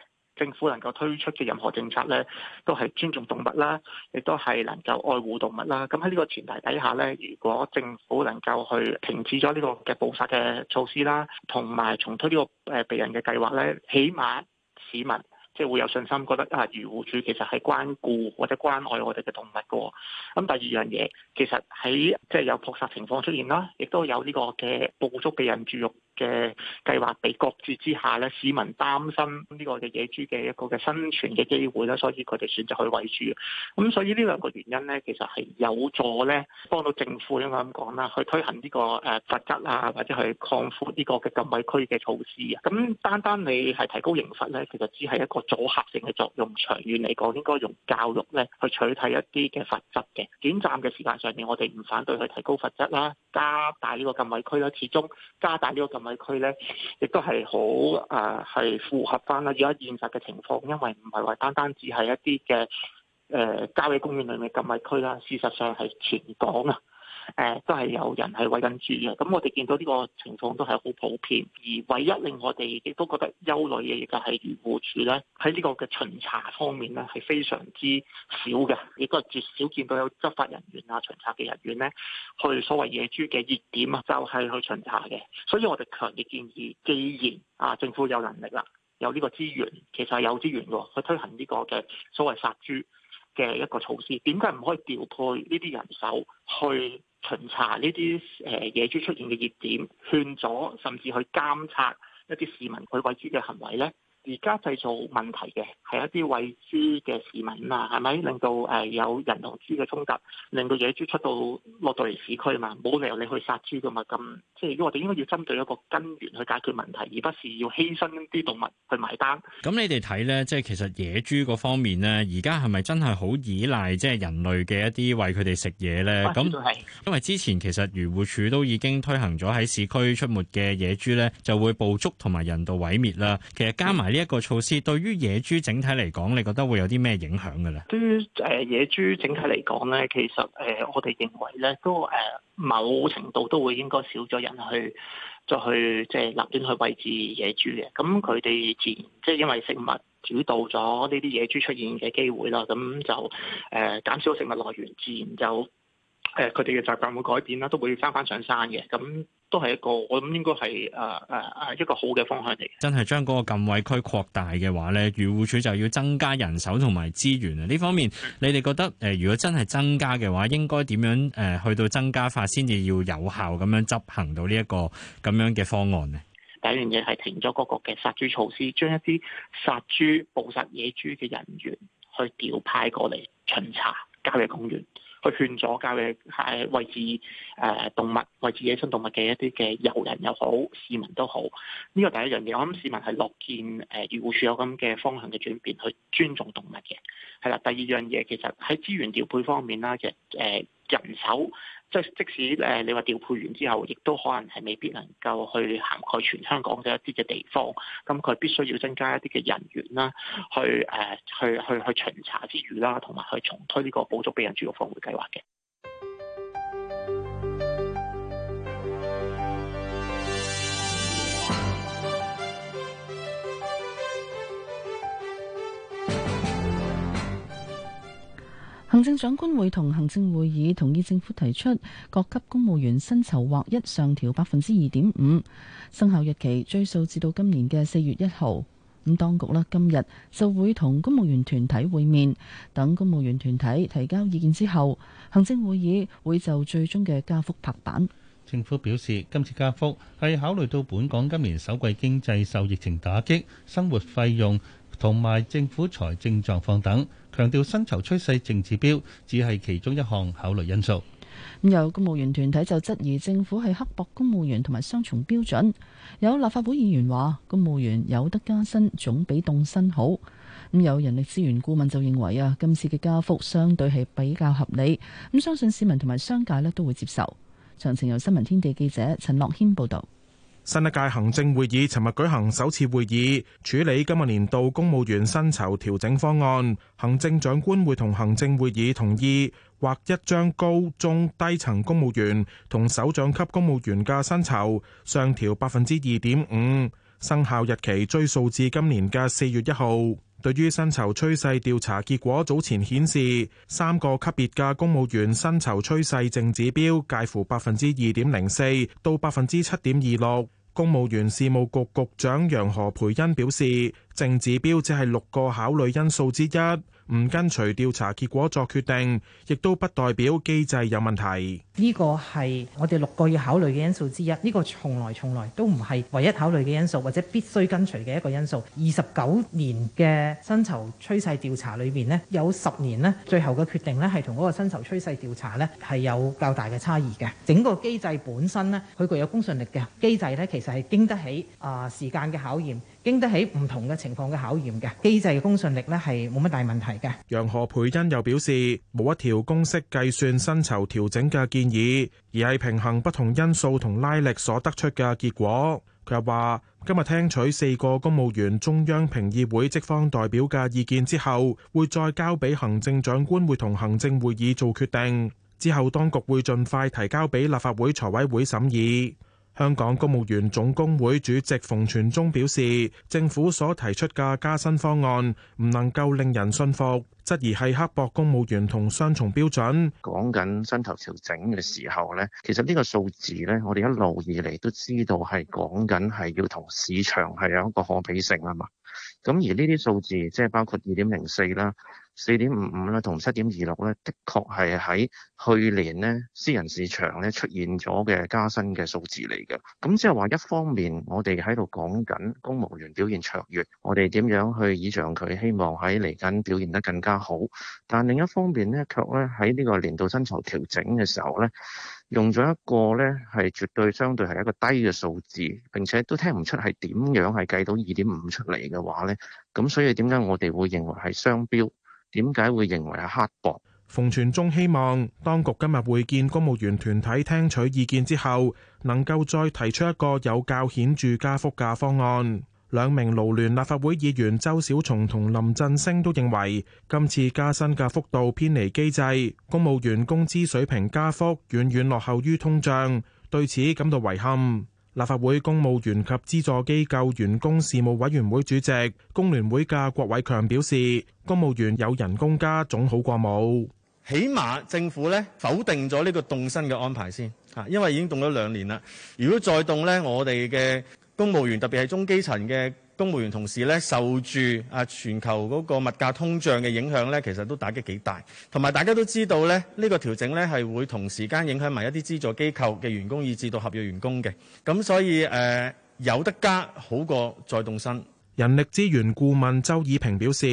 政府能夠推出嘅任何政策呢，都係尊重動物啦，亦都係能夠愛護動物啦。咁喺呢個前提底下呢，如果政府能夠去停止咗呢個嘅捕殺嘅措施啦，同埋重推呢個誒避孕嘅計劃呢，起碼市民即係會有信心覺得啊，漁護署其實係關顧或者關愛我哋嘅動物嘅。咁第二樣嘢，其實喺即係有撲殺情況出現啦，亦都有呢個嘅捕捉避孕注射。嘅計劃被擱置之下咧，市民擔心呢個嘅野豬嘅一個嘅生存嘅機會啦，所以佢哋選擇去餵豬。咁所以呢兩個原因咧，其實係有助咧幫到政府點解咁講啦？去推行呢個誒罰則啊，或者去擴寬呢個嘅禁餵區嘅措施啊。咁單單你係提高刑罰咧，其實只係一個阻嚇性嘅作用，長遠嚟講應該用教育咧去取締一啲嘅罰則嘅。短暫嘅時間上面，我哋唔反對去提高罰則啦，加大呢個禁餵區啦，始終加大呢個禁。禁尾區咧，亦都係好啊，係符合翻啦，而家現實嘅情況，因為唔係話單單只係一啲嘅誒郊野公園裏面禁尾區啦，事實上係全港啊。誒、嗯、都係有人係餵緊豬嘅，咁、嗯、我哋見到呢個情況都係好普遍。而唯一令我哋亦都覺得憂慮嘅，亦就係漁護署咧喺呢個嘅巡查方面咧係非常之少嘅，亦都係絕少見到有執法人員啊、巡查嘅人員咧去所謂野豬嘅熱點啊，就係去巡查嘅。所以我哋強烈建議，既然啊政府有能力啦，有呢個資源，其實有資源喎去推行呢個嘅所謂殺豬嘅一個措施，點解唔可以調配呢啲人手去巡查呢啲誒野豬出現嘅熱點，勸阻甚至去監察一啲市民佢餵豬嘅行為咧。而家製造問題嘅係一啲餵豬嘅市民啊，係咪令到誒有人同豬嘅衝突，令到野豬出到落到嚟市區啊嘛，冇理由你去殺豬噶嘛，咁即係如果我哋應該要針對一個根源去解決問題，而不是要犧牲啲動物去埋單，咁你哋睇咧，即係其實野豬嗰方面咧，而家係咪真係好依賴即係人類嘅一啲餵佢哋食嘢咧？咁因為之前其實漁護署都已經推行咗喺市區出沒嘅野豬咧，就會捕捉同埋人道毀滅啦。其實加埋、嗯。呢一個措施對於野豬整體嚟講，你覺得會有啲咩影響嘅咧？對於誒，野豬整體嚟講咧，其實誒我哋認為咧，都誒、呃、某程度都會應該少咗人去再去即係立亂去餵養野豬嘅。咁佢哋自然即係因為食物主導咗呢啲野豬出現嘅機會啦。咁就誒減、呃、少食物來源，自然就。誒佢哋嘅習慣會改變啦，都會翻返上山嘅，咁都係一個我諗應該係誒誒誒一個好嘅方向嚟。真係將嗰個禁餵區擴大嘅話咧，漁護署就要增加人手同埋資源啊！呢方面你哋覺得誒、呃，如果真係增加嘅話，應該點樣誒、呃、去到增加法先至要有效咁樣執行到呢、這、一個咁樣嘅方案呢？第一樣嘢係停咗嗰個嘅殺豬措施，將一啲殺豬、捕殺野豬嘅人員去調派過嚟巡查郊野公園。去勸阻、教育、誒維持誒動物、維持野生動物嘅一啲嘅遊人又好、市民都好，呢、這個第一樣嘢，我諗市民係樂見誒漁護署有咁嘅方向嘅轉變，去尊重動物嘅，係啦。第二樣嘢其實喺資源調配方面啦，其實誒、呃、人手。即係即使誒你話調配完之後，亦都可能係未必能夠去涵蓋全香港嘅一啲嘅地方，咁佢必須要增加一啲嘅人員啦，去誒、呃、去去去巡查之餘啦，同埋去重推呢、這個補足病人住院房務計劃嘅。行政長官會同行政會議同意政府提出各級公務員薪酬劃一上調百分之二點五，生效日期追溯至到今年嘅四月一號。咁當局呢今日就會同公務員團體會面，等公務員團體提交意見之後，行政會議會就最終嘅加幅拍板。政府表示，今次加幅係考慮到本港今年首季經濟受疫情打擊，生活費用。同埋政府財政狀況等，強調薪酬趨勢淨指標只係其中一項考慮因素。咁有公務員團體就質疑政府係刻薄公務員同埋雙重標準，有立法會議員話公務員有得加薪總比凍薪好。咁有人力資源顧問就認為啊，今次嘅加幅相對係比較合理。咁相信市民同埋商界咧都會接受。詳情由新聞天地記者陳樂軒報道。新一屆行政會議尋日舉行首次會議，處理今個年度公務員薪酬調整方案。行政長官會同行政會議同意，劃一張高中低層公務員同首長級公務員嘅薪酬上調百分之二點五，生效日期追溯至今年嘅四月一號。對於薪酬趨勢調查結果早前顯示，三個級別嘅公務員薪酬趨勢正指標介乎百分之二點零四到百分之七點二六。公務員事務局局、局長楊何培恩表示，正指標只係六個考慮因素之一。唔跟隨調查結果作決定，亦都不代表機制有問題。呢個係我哋六個要考慮嘅因素之一。呢個從來從來都唔係唯一考慮嘅因素，或者必須跟隨嘅一個因素。二十九年嘅薪酬趨勢調查裏邊呢有十年呢最後嘅決定呢係同嗰個薪酬趨勢調查呢係有較大嘅差異嘅。整個機制本身呢，佢具有公信力嘅機制呢其實係經得起啊時間嘅考驗。經得起唔同嘅情況嘅考驗嘅機制公信力呢係冇乜大問題嘅。楊何佩欣又表示，冇一條公式計算薪酬調整嘅建議，而係平衡不同因素同拉力所得出嘅結果。佢又話：今日聽取四個公務員中央評議會職方代表嘅意見之後，會再交俾行政長官會同行政會議做決定，之後當局會盡快提交俾立法會財委會審議。香港公務員總工會主席馮全忠表示，政府所提出嘅加薪方案唔能夠令人信服，質疑係刻薄公務員同雙重標準。講緊薪酬調整嘅時候咧，其實呢個數字咧，我哋一路以嚟都知道係講緊係要同市場係有一個可比性啊嘛。咁而呢啲數字，即係包括二點零四啦。四點五五咧，同七點二六咧，的確係喺去年咧私人市場咧出現咗嘅加薪嘅數字嚟嘅。咁即係話，一方面我哋喺度講緊公務員表現卓越，我哋點樣去倚仗佢，希望喺嚟緊表現得更加好。但另一方面咧，卻咧喺呢個年度薪酬調整嘅時候咧，用咗一個咧係絕對相對係一個低嘅數字，並且都聽唔出係點樣係計到二點五出嚟嘅話咧。咁所以點解我哋會認為係雙標？點解會認為係刻薄？馮全忠希望當局今日會見公務員團體聽取意見之後，能夠再提出一個有較顯著加幅嘅方案。兩名勞聯立法會議員周小松同林振昇都認為，今次加薪嘅幅度偏離機制，公務員工資水平加幅遠遠落後於通脹，對此感到遺憾。立法會公務員及資助機構員工事務委員會主席，工聯會嘅郭偉強表示，公務員有人工加總好過冇，起碼政府咧否定咗呢個凍薪嘅安排先，吓，因為已經凍咗兩年啦，如果再凍咧，我哋嘅公務員特別係中基層嘅。公務員同事咧受住啊全球嗰個物價通脹嘅影響咧，其實都打擊幾大。同埋大家都知道咧，呢個調整咧係會同時間影響埋一啲資助機構嘅員工以至到合約員工嘅，咁，所以誒、呃、有得加好過再動身。人力資源顧問周以平表示，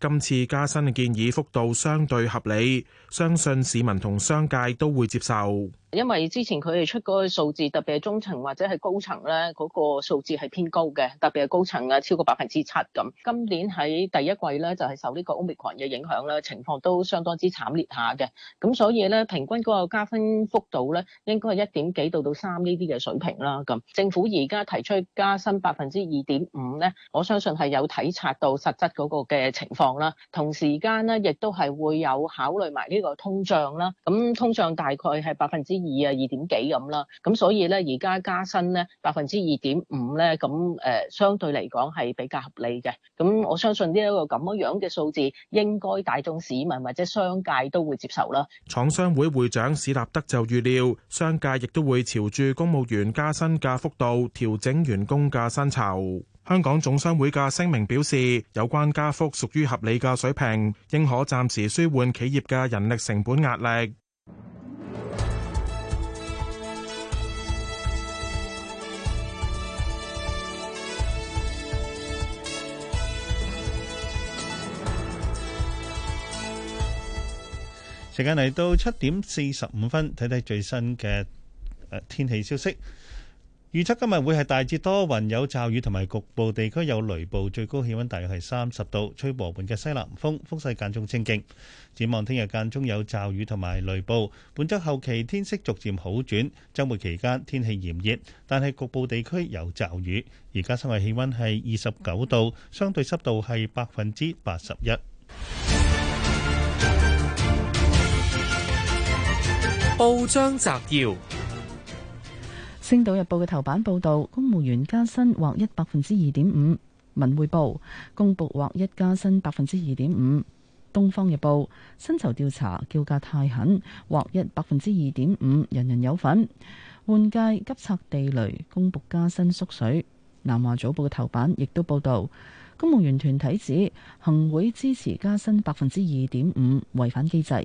今次加薪嘅建議幅度相對合理，相信市民同商界都會接受。因為之前佢哋出嗰個數字，特別係中層或者係高層咧，嗰、那個數字係偏高嘅，特別係高層啊，超過百分之七咁。今年喺第一季咧，就係、是、受呢個 o 美群嘅影響咧，情況都相當之慘烈下嘅。咁所以咧，平均嗰個加分幅度咧，應該係一點幾度到到三呢啲嘅水平啦。咁政府而家提出加薪百分之二點五咧，我相信係有體察到實質嗰個嘅情況啦。同時間咧，亦都係會有考慮埋呢個通脹啦。咁通脹大概係百分之二啊，二點幾咁啦，咁所以咧，而家加薪咧百分之二點五咧，咁誒，相對嚟講係比較合理嘅。咁我相信呢一個咁樣樣嘅數字，應該大眾市民或者商界都會接受啦。廠商會會長史立德就預料，商界亦都會朝住公務員加薪嘅幅度調整員工嘅薪酬。香港總商會嘅聲明表示，有關加幅屬於合理嘅水平，應可暫時舒緩企業嘅人力成本壓力。時間嚟到七點四十五分，睇睇最新嘅誒天氣消息。預測今日會係大致多雲，有驟雨，同埋局部地區有雷暴，最高氣溫大約係三十度，吹和緩嘅西南風，風勢間中清勁。展望聽日間中有驟雨同埋雷暴，本周後期天色逐漸好轉，周末期間天氣炎熱，但係局部地區有驟雨。而家室外氣溫係二十九度，相對濕度係百分之八十一。報章摘要：《星島日報》嘅頭版報道，公務員加薪或一百分之二點五；《文匯報》公布或一加薪百分之二點五；《東方日報》薪酬調查叫價太狠，或一百分之二點五；人人有份。換屆急拆地雷，公僕加薪縮水。《南華早報》嘅頭版亦都報道，公務員團體指行會支持加薪百分之二點五，違反機制。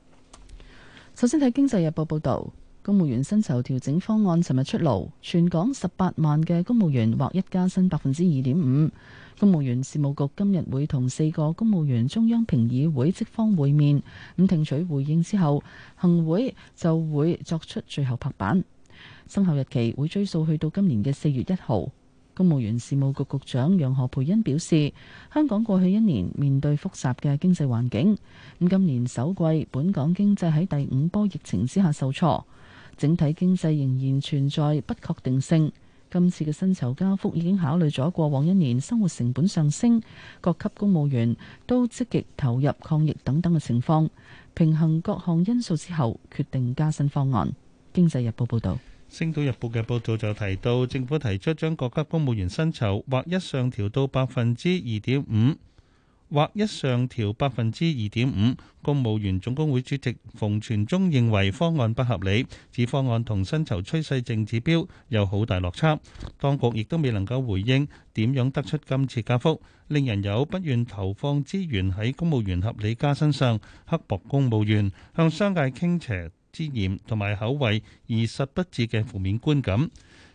首先睇《經濟日報》報導，公務員薪酬調整方案尋日出爐，全港十八萬嘅公務員獲一加薪百分之二點五。公務員事務局今日會同四個公務員中央評議會職方會面，咁聽取回應之後，行會就會作出最後拍板。生效日期會追溯去到今年嘅四月一號。公務員事務局局長楊何蓓茵表示，香港過去一年面對複雜嘅經濟環境，咁今年首季本港經濟喺第五波疫情之下受挫，整體經濟仍然存在不確定性。今次嘅薪酬加幅已經考慮咗過往一年生活成本上升、各級公務員都積極投入抗疫等等嘅情況，平衡各項因素之後決定加薪方案。經濟日報報導。《星島日報》嘅報道就提到，政府提出將國家公務員薪酬劃一上調到百分之二點五，劃一上調百分之二點五。公務員總工會主席馮傳宗認為方案不合理，指方案同薪酬趨勢淨指標有好大落差。當局亦都未能夠回應點樣得出今次加幅，令人有「不願投放資源喺公務員合理加薪」上，刻薄公務員向商界傾斜之嫌同埋口惠而實不至嘅負面觀感。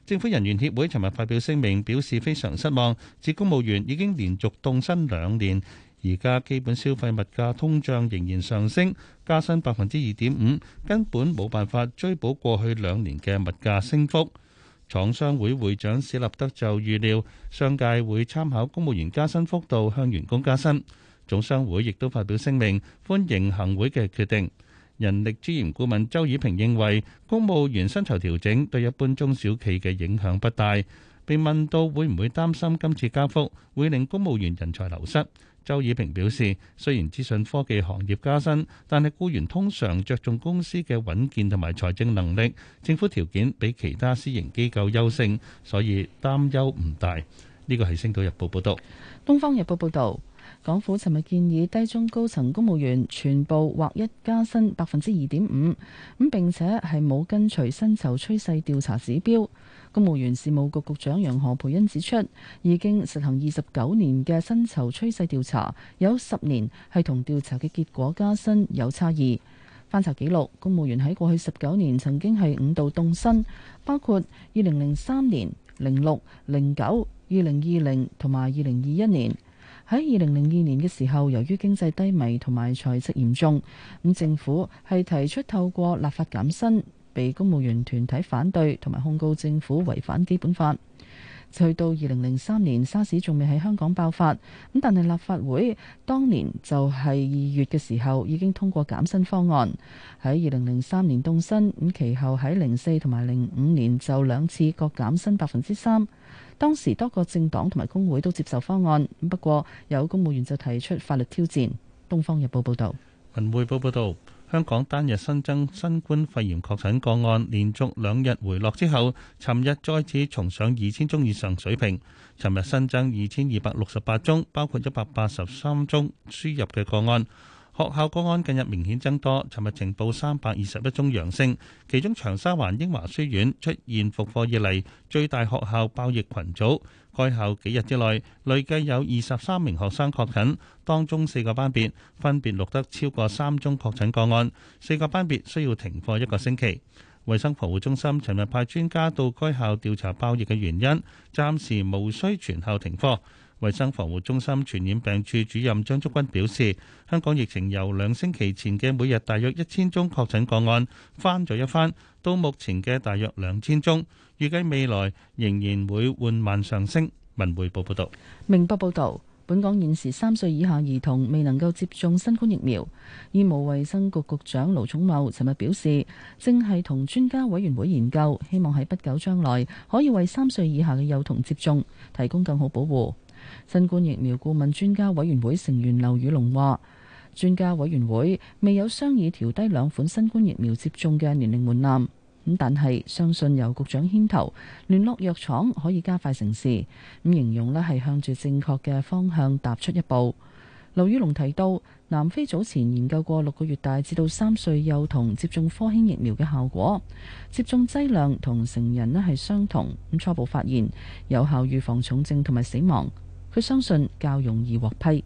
政府人員協會尋日發表聲明，表示非常失望，指公務員已經連續凍薪兩年，而家基本消費物價通脹仍然上升，加薪百分之二點五，根本冇辦法追補過去兩年嘅物價升幅。廠商會會長史立德就預料，商界會參考公務員加薪幅度向員工加薪。總商會亦都發表聲明，歡迎行會嘅決定。人力資源顧問周以平認為，公務員薪酬調整對一般中小企嘅影響不大。被問到會唔會擔心今次加幅會令公務員人才流失，周以平表示：雖然資訊科技行業加薪，但係僱員通常着重公司嘅穩健同埋財政能力，政府條件比其他私營機構優勝，所以擔憂唔大。呢個係《星島日報》報道，《東方日報》報道。港府尋日建議低、中、高層公務員全部劃一加薪百分之二點五，咁並且係冇跟隨薪酬趨勢調查指標。公務員事務局局長楊何蓓茵指出，已經實行二十九年嘅薪酬趨勢調查，有十年係同調查嘅結果加薪有差異。翻查記錄，公務員喺過去十九年曾經係五度凍薪，包括二零零三年、零六、零九、二零二零同埋二零二一年。喺二零零二年嘅時候，由於經濟低迷同埋財赤嚴重，咁政府係提出透過立法減薪，被公務員團體反對同埋控告政府違反基本法。去到二零零三年，沙士仲未喺香港爆發，咁但係立法會當年就係二月嘅時候已經通過減薪方案。喺二零零三年凍薪，咁其後喺零四同埋零五年就兩次各減薪百分之三。當時多個政黨同埋工會都接受方案，不過有公務員就提出法律挑戰。《東方日報》報道，《文匯報》報道，香港單日新增新冠肺炎確診個案連續兩日回落之後，尋日再次重上二千宗以上水平。尋日新增二千二百六十八宗，包括一百八十三宗輸入嘅個案。學校個案近日明顯增多，尋日呈報三百二十一宗陽性，其中長沙灣英華書院出現復課以嚟最大學校爆疫群組。該校幾日之內累計有二十三名學生確診，當中四個班別分別錄得超過三宗確診個案，四個班別需要停課一個星期。衛生防護中心尋日派專家到該校調查爆疫嘅原因，暫時無需全校停課。衛生防護中心傳染病處主任張竹君表示，香港疫情由兩星期前嘅每日大約一千宗確診個案翻咗一番，到目前嘅大約兩千宗，預計未來仍然會緩慢上升。文匯報報道，明報報道，本港現時三歲以下兒童未能夠接種新冠疫苗，醫務衛生局局長盧寵茂尋日表示，正係同專家委員會研究，希望喺不久將來可以為三歲以下嘅幼童接種提供更好保護。新冠疫苗顧問專家委員會成員劉宇龍話：專家委員會未有商議調低兩款新冠疫苗接種嘅年齡門檻。咁，但係相信由局長牽頭聯絡藥廠，可以加快成事，咁形容呢，係向住正確嘅方向踏出一步。劉宇龍提到，南非早前研究過六個月大至到三歲幼童接種科興疫苗嘅效果，接種劑量同成人呢，係相同。咁初步發現有效預防重症同埋死亡。佢相信較容易獲批，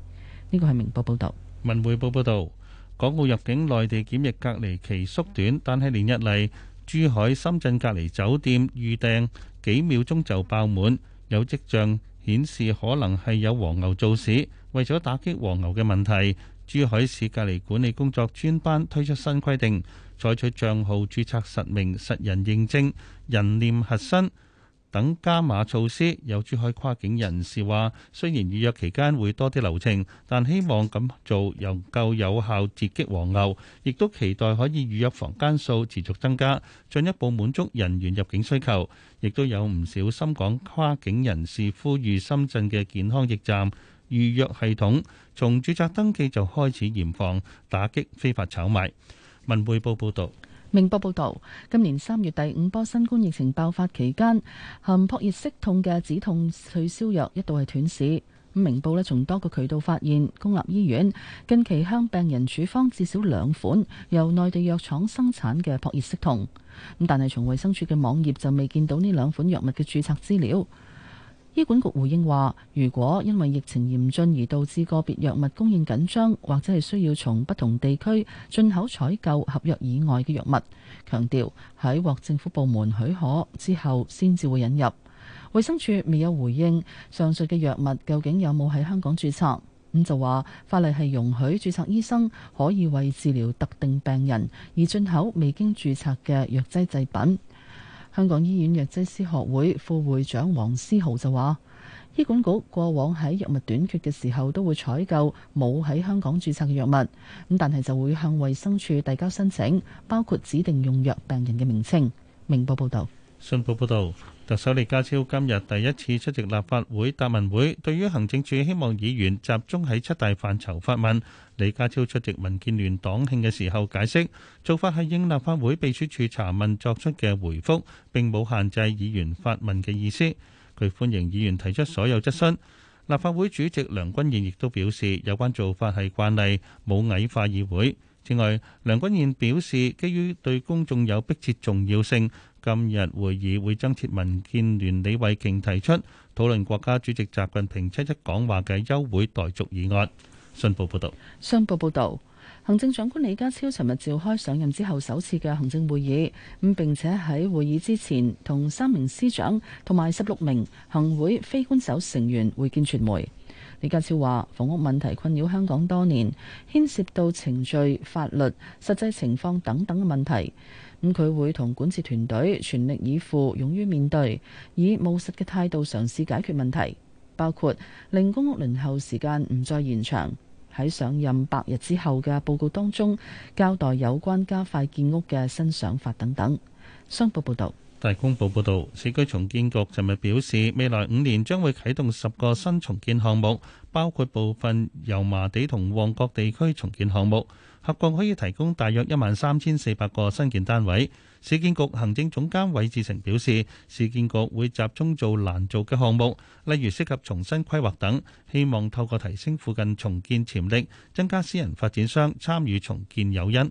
呢個係明報報導。文匯報報導，港澳入境內地檢疫隔離期縮短，但係連日嚟，珠海、深圳隔離酒店預訂幾秒鐘就爆滿，有跡象顯示可能係有黃牛造市。為咗打擊黃牛嘅問題，珠海市隔離管理工作專班推出新規定，採取帳號註冊實名、實人認證、人臉核身、等加碼措施，有珠海跨境人士話：雖然預約期間會多啲流程，但希望咁做又夠有效截擊黃牛，亦都期待可以預約房間數持續增加，進一步滿足人員入境需求。亦都有唔少深港跨境人士呼籲深圳嘅健康驛站預約系統從註冊登記就開始嚴防打擊非法炒賣。文匯報報導。明報報道，今年三月第五波新冠疫情爆發期間，含撲熱息痛嘅止痛退燒藥一度係斷市。咁明報呢從多個渠道發現，公立醫院近期向病人處方至少兩款由內地藥廠生產嘅撲熱息痛。咁但係從衛生署嘅網頁就未見到呢兩款藥物嘅註冊資料。醫管局回應話，如果因為疫情嚴峻而導致個別藥物供應緊張，或者係需要從不同地區進口採購合約以外嘅藥物，強調喺獲政府部門許可之後，先至會引入。衛生署未有回應上述嘅藥物究竟有冇喺香港註冊。咁就話法例係容許註冊醫生可以為治療特定病人而進口未經註冊嘅藥劑製品。香港醫院藥劑師學會副會長黃思豪就話，醫管局過往喺藥物短缺嘅時候都會採購冇喺香港注冊嘅藥物，咁但係就會向衛生署遞交申請，包括指定用藥病人嘅名稱。明報報道，信報報道。特首李家超今日第一次出席立法會答問會，對於行政處希望議員集中喺七大範疇發問，李家超出席民建聯黨慶嘅時候解釋，做法係應立法會秘書處查問作出嘅回覆，並冇限制議員發問嘅意思。佢歡迎議員提出所有質詢。立法會主席梁君彥亦都表示，有關做法係慣例，冇矮化議會。此外，梁君彥表示，基於對公眾有迫切重要性。今日會議會增設民建聯李慧瓊提出討論國家主席習近平七一講話嘅休會待續議案。信報報道，商報報道，行政長官李家超尋日召開上任之後首次嘅行政會議，咁並且喺會議之前同三名司長同埋十六名行會非官守成員會見傳媒。李家超話，房屋問題困擾香港多年，牽涉到程序、法律、實際情況等等嘅問題。咁佢會同管治團隊全力以赴，勇於面對，以務實嘅態度嘗試解決問題，包括令公屋輪候時間唔再延長，喺上任百日之後嘅報告當中交代有關加快建屋嘅新想法等等。商報報道。大公報報導，市區重建局尋日表示，未來五年將會啟動十個新重建項目，包括部分油麻地同旺角地區重建項目，合共可以提供大約一萬三千四百個新建單位。市建局行政總監韋志成表示，市建局會集中做難做嘅項目，例如涉及重新規劃等，希望透過提升附近重建潛力，增加私人發展商參與重建誘因。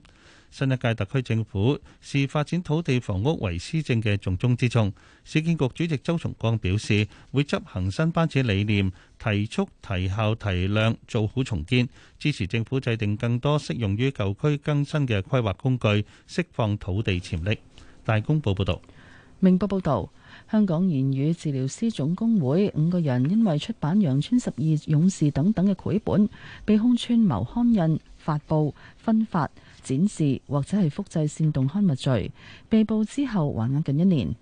新一屆特區政府視發展土地房屋為施政嘅重中之重。市建局主席周崇光表示，會執行新班子理念，提速、提效、提量，做好重建，支持政府制定更多適用於舊區更新嘅規劃工具，釋放土地潛力。大公報報導，明報報導，香港言語治療師總工會五個人因為出版《羊村十二勇士》等等嘅繪本，被控串謀刊印。發布、分發、展示、或者係複製煽動刊物罪，被捕之後還押近一年。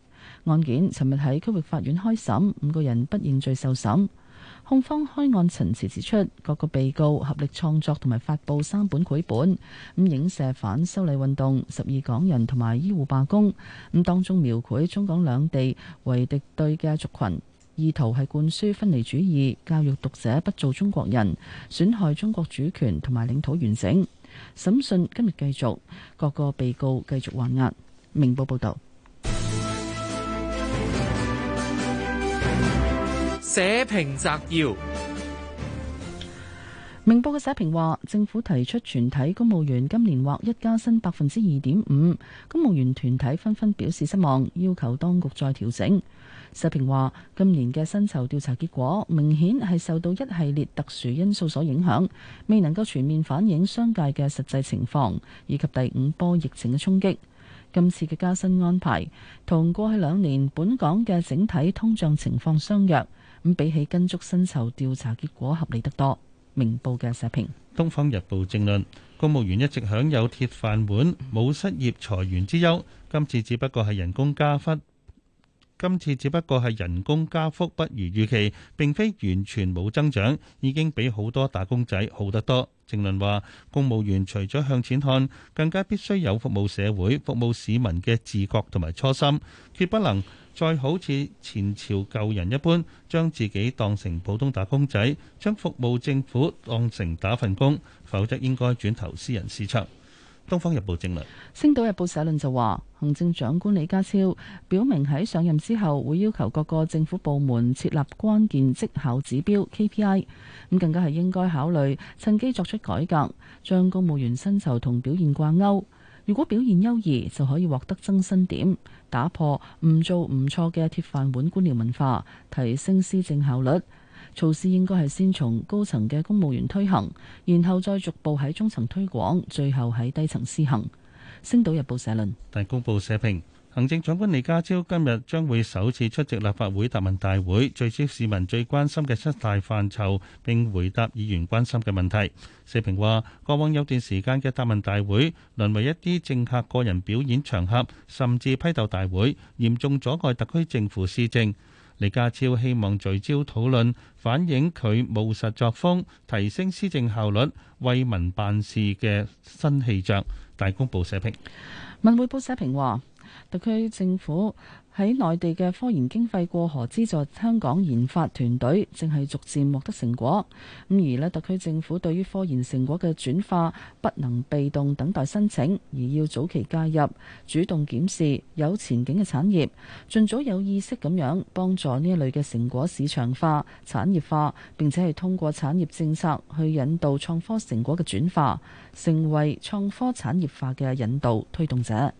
案件尋日喺區域法院開審，五個人不認罪受審。控方開案陳詞指出，各個被告合力創作同埋發布三本繪本，咁影射反修例運動、十二港人同埋醫護罷工，咁當中描繪中港兩地為敵對嘅族群。意圖係灌輸分離主義，教育讀者不做中國人，損害中國主權同埋領土完整。審訊今日繼續，各個被告繼續還押。明報報道，社評摘要。明報嘅社評話，政府提出全體公務員今年或一加薪百分之二點五，公務員團體紛紛表示失望，要求當局再調整。社評話：今年嘅薪酬調查結果明顯係受到一系列特殊因素所影響，未能夠全面反映商界嘅實際情況以及第五波疫情嘅衝擊。今次嘅加薪安排同過去兩年本港嘅整體通脹情況相若，咁比起跟足薪酬調查結果合理得多。明報嘅社評，《東方日報》正論：公務員一直享有鐵飯碗、冇失業裁員之憂，今次只不過係人工加忽，今次只不過係人工加幅不如預期，並非完全冇增長，已經比好多打工仔好得多。鄭論話，公務員除咗向錢看，更加必須有服務社會、服務市民嘅自覺同埋初心，決不能再好似前朝舊人一般，將自己當成普通打工仔，將服務政府當成打份工，否則應該轉投私人市場。《東方日報》正論，《星島日報》社論就話：行政長官李家超表明喺上任之後會要求各個政府部門設立關鍵績效指標 KPI，咁更加係應該考慮趁機作出改革，將公務員薪酬同表現掛鈎。如果表現優異就可以獲得增薪點，打破唔做唔錯嘅鐵飯碗官僚文化，提升施政效率。措施應該係先從高層嘅公務員推行，然後再逐步喺中層推廣，最後喺低層施行。星島日報社論，大公報社評，行政長官李家超今日將會首次出席立法會答問大會，聚焦市民最關心嘅七大範疇，並回答議員關心嘅問題。社評話：過往有段時間嘅答問大會，淪為一啲政客個人表演場合，甚至批鬥大會，嚴重阻礙特區政府施政。李家超希望聚焦討論，反映佢務實作風，提升施政效率，為民辦事嘅新氣象。大公報社評，文匯報社評話，特區政府。喺內地嘅科研經費過河資助香港研發團隊，正係逐漸獲得成果。咁而呢，特區政府對於科研成果嘅轉化不能被動等待申請，而要早期介入，主動檢視有前景嘅產業，儘早有意識咁樣幫助呢一類嘅成果市場化、產業化，並且係通過產業政策去引導創科成果嘅轉化，成為創科產業化嘅引導推動者。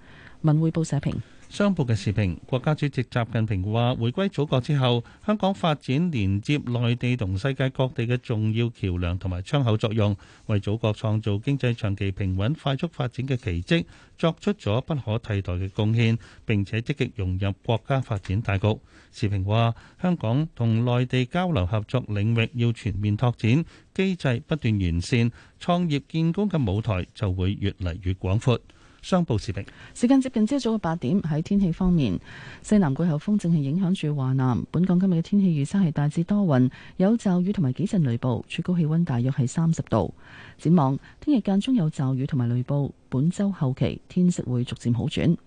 文匯報社評。商報嘅時評，國家主席習近平話，回歸祖國之後，香港發展連接內地同世界各地嘅重要橋梁同埋窗口作用，為祖國創造經濟長期平穩快速發展嘅奇蹟，作出咗不可替代嘅貢獻，並且積極融入國家發展大局。時評話，香港同內地交流合作領域要全面拓展，機制不斷完善，創業建功嘅舞台就會越嚟越廣闊。商報持平。時間接近朝早嘅八點，喺天氣方面，西南季候風正係影響住華南。本港今日嘅天氣預測係大致多雲，有驟雨同埋幾陣雷暴，最高氣溫大約係三十度。展望聽日間中有驟雨同埋雷暴，本周後期天色會逐漸好轉。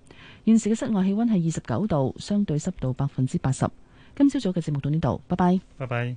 現時嘅室外氣溫係二十九度，相對濕度百分之八十。今朝早嘅節目到呢度，拜拜、拜拜。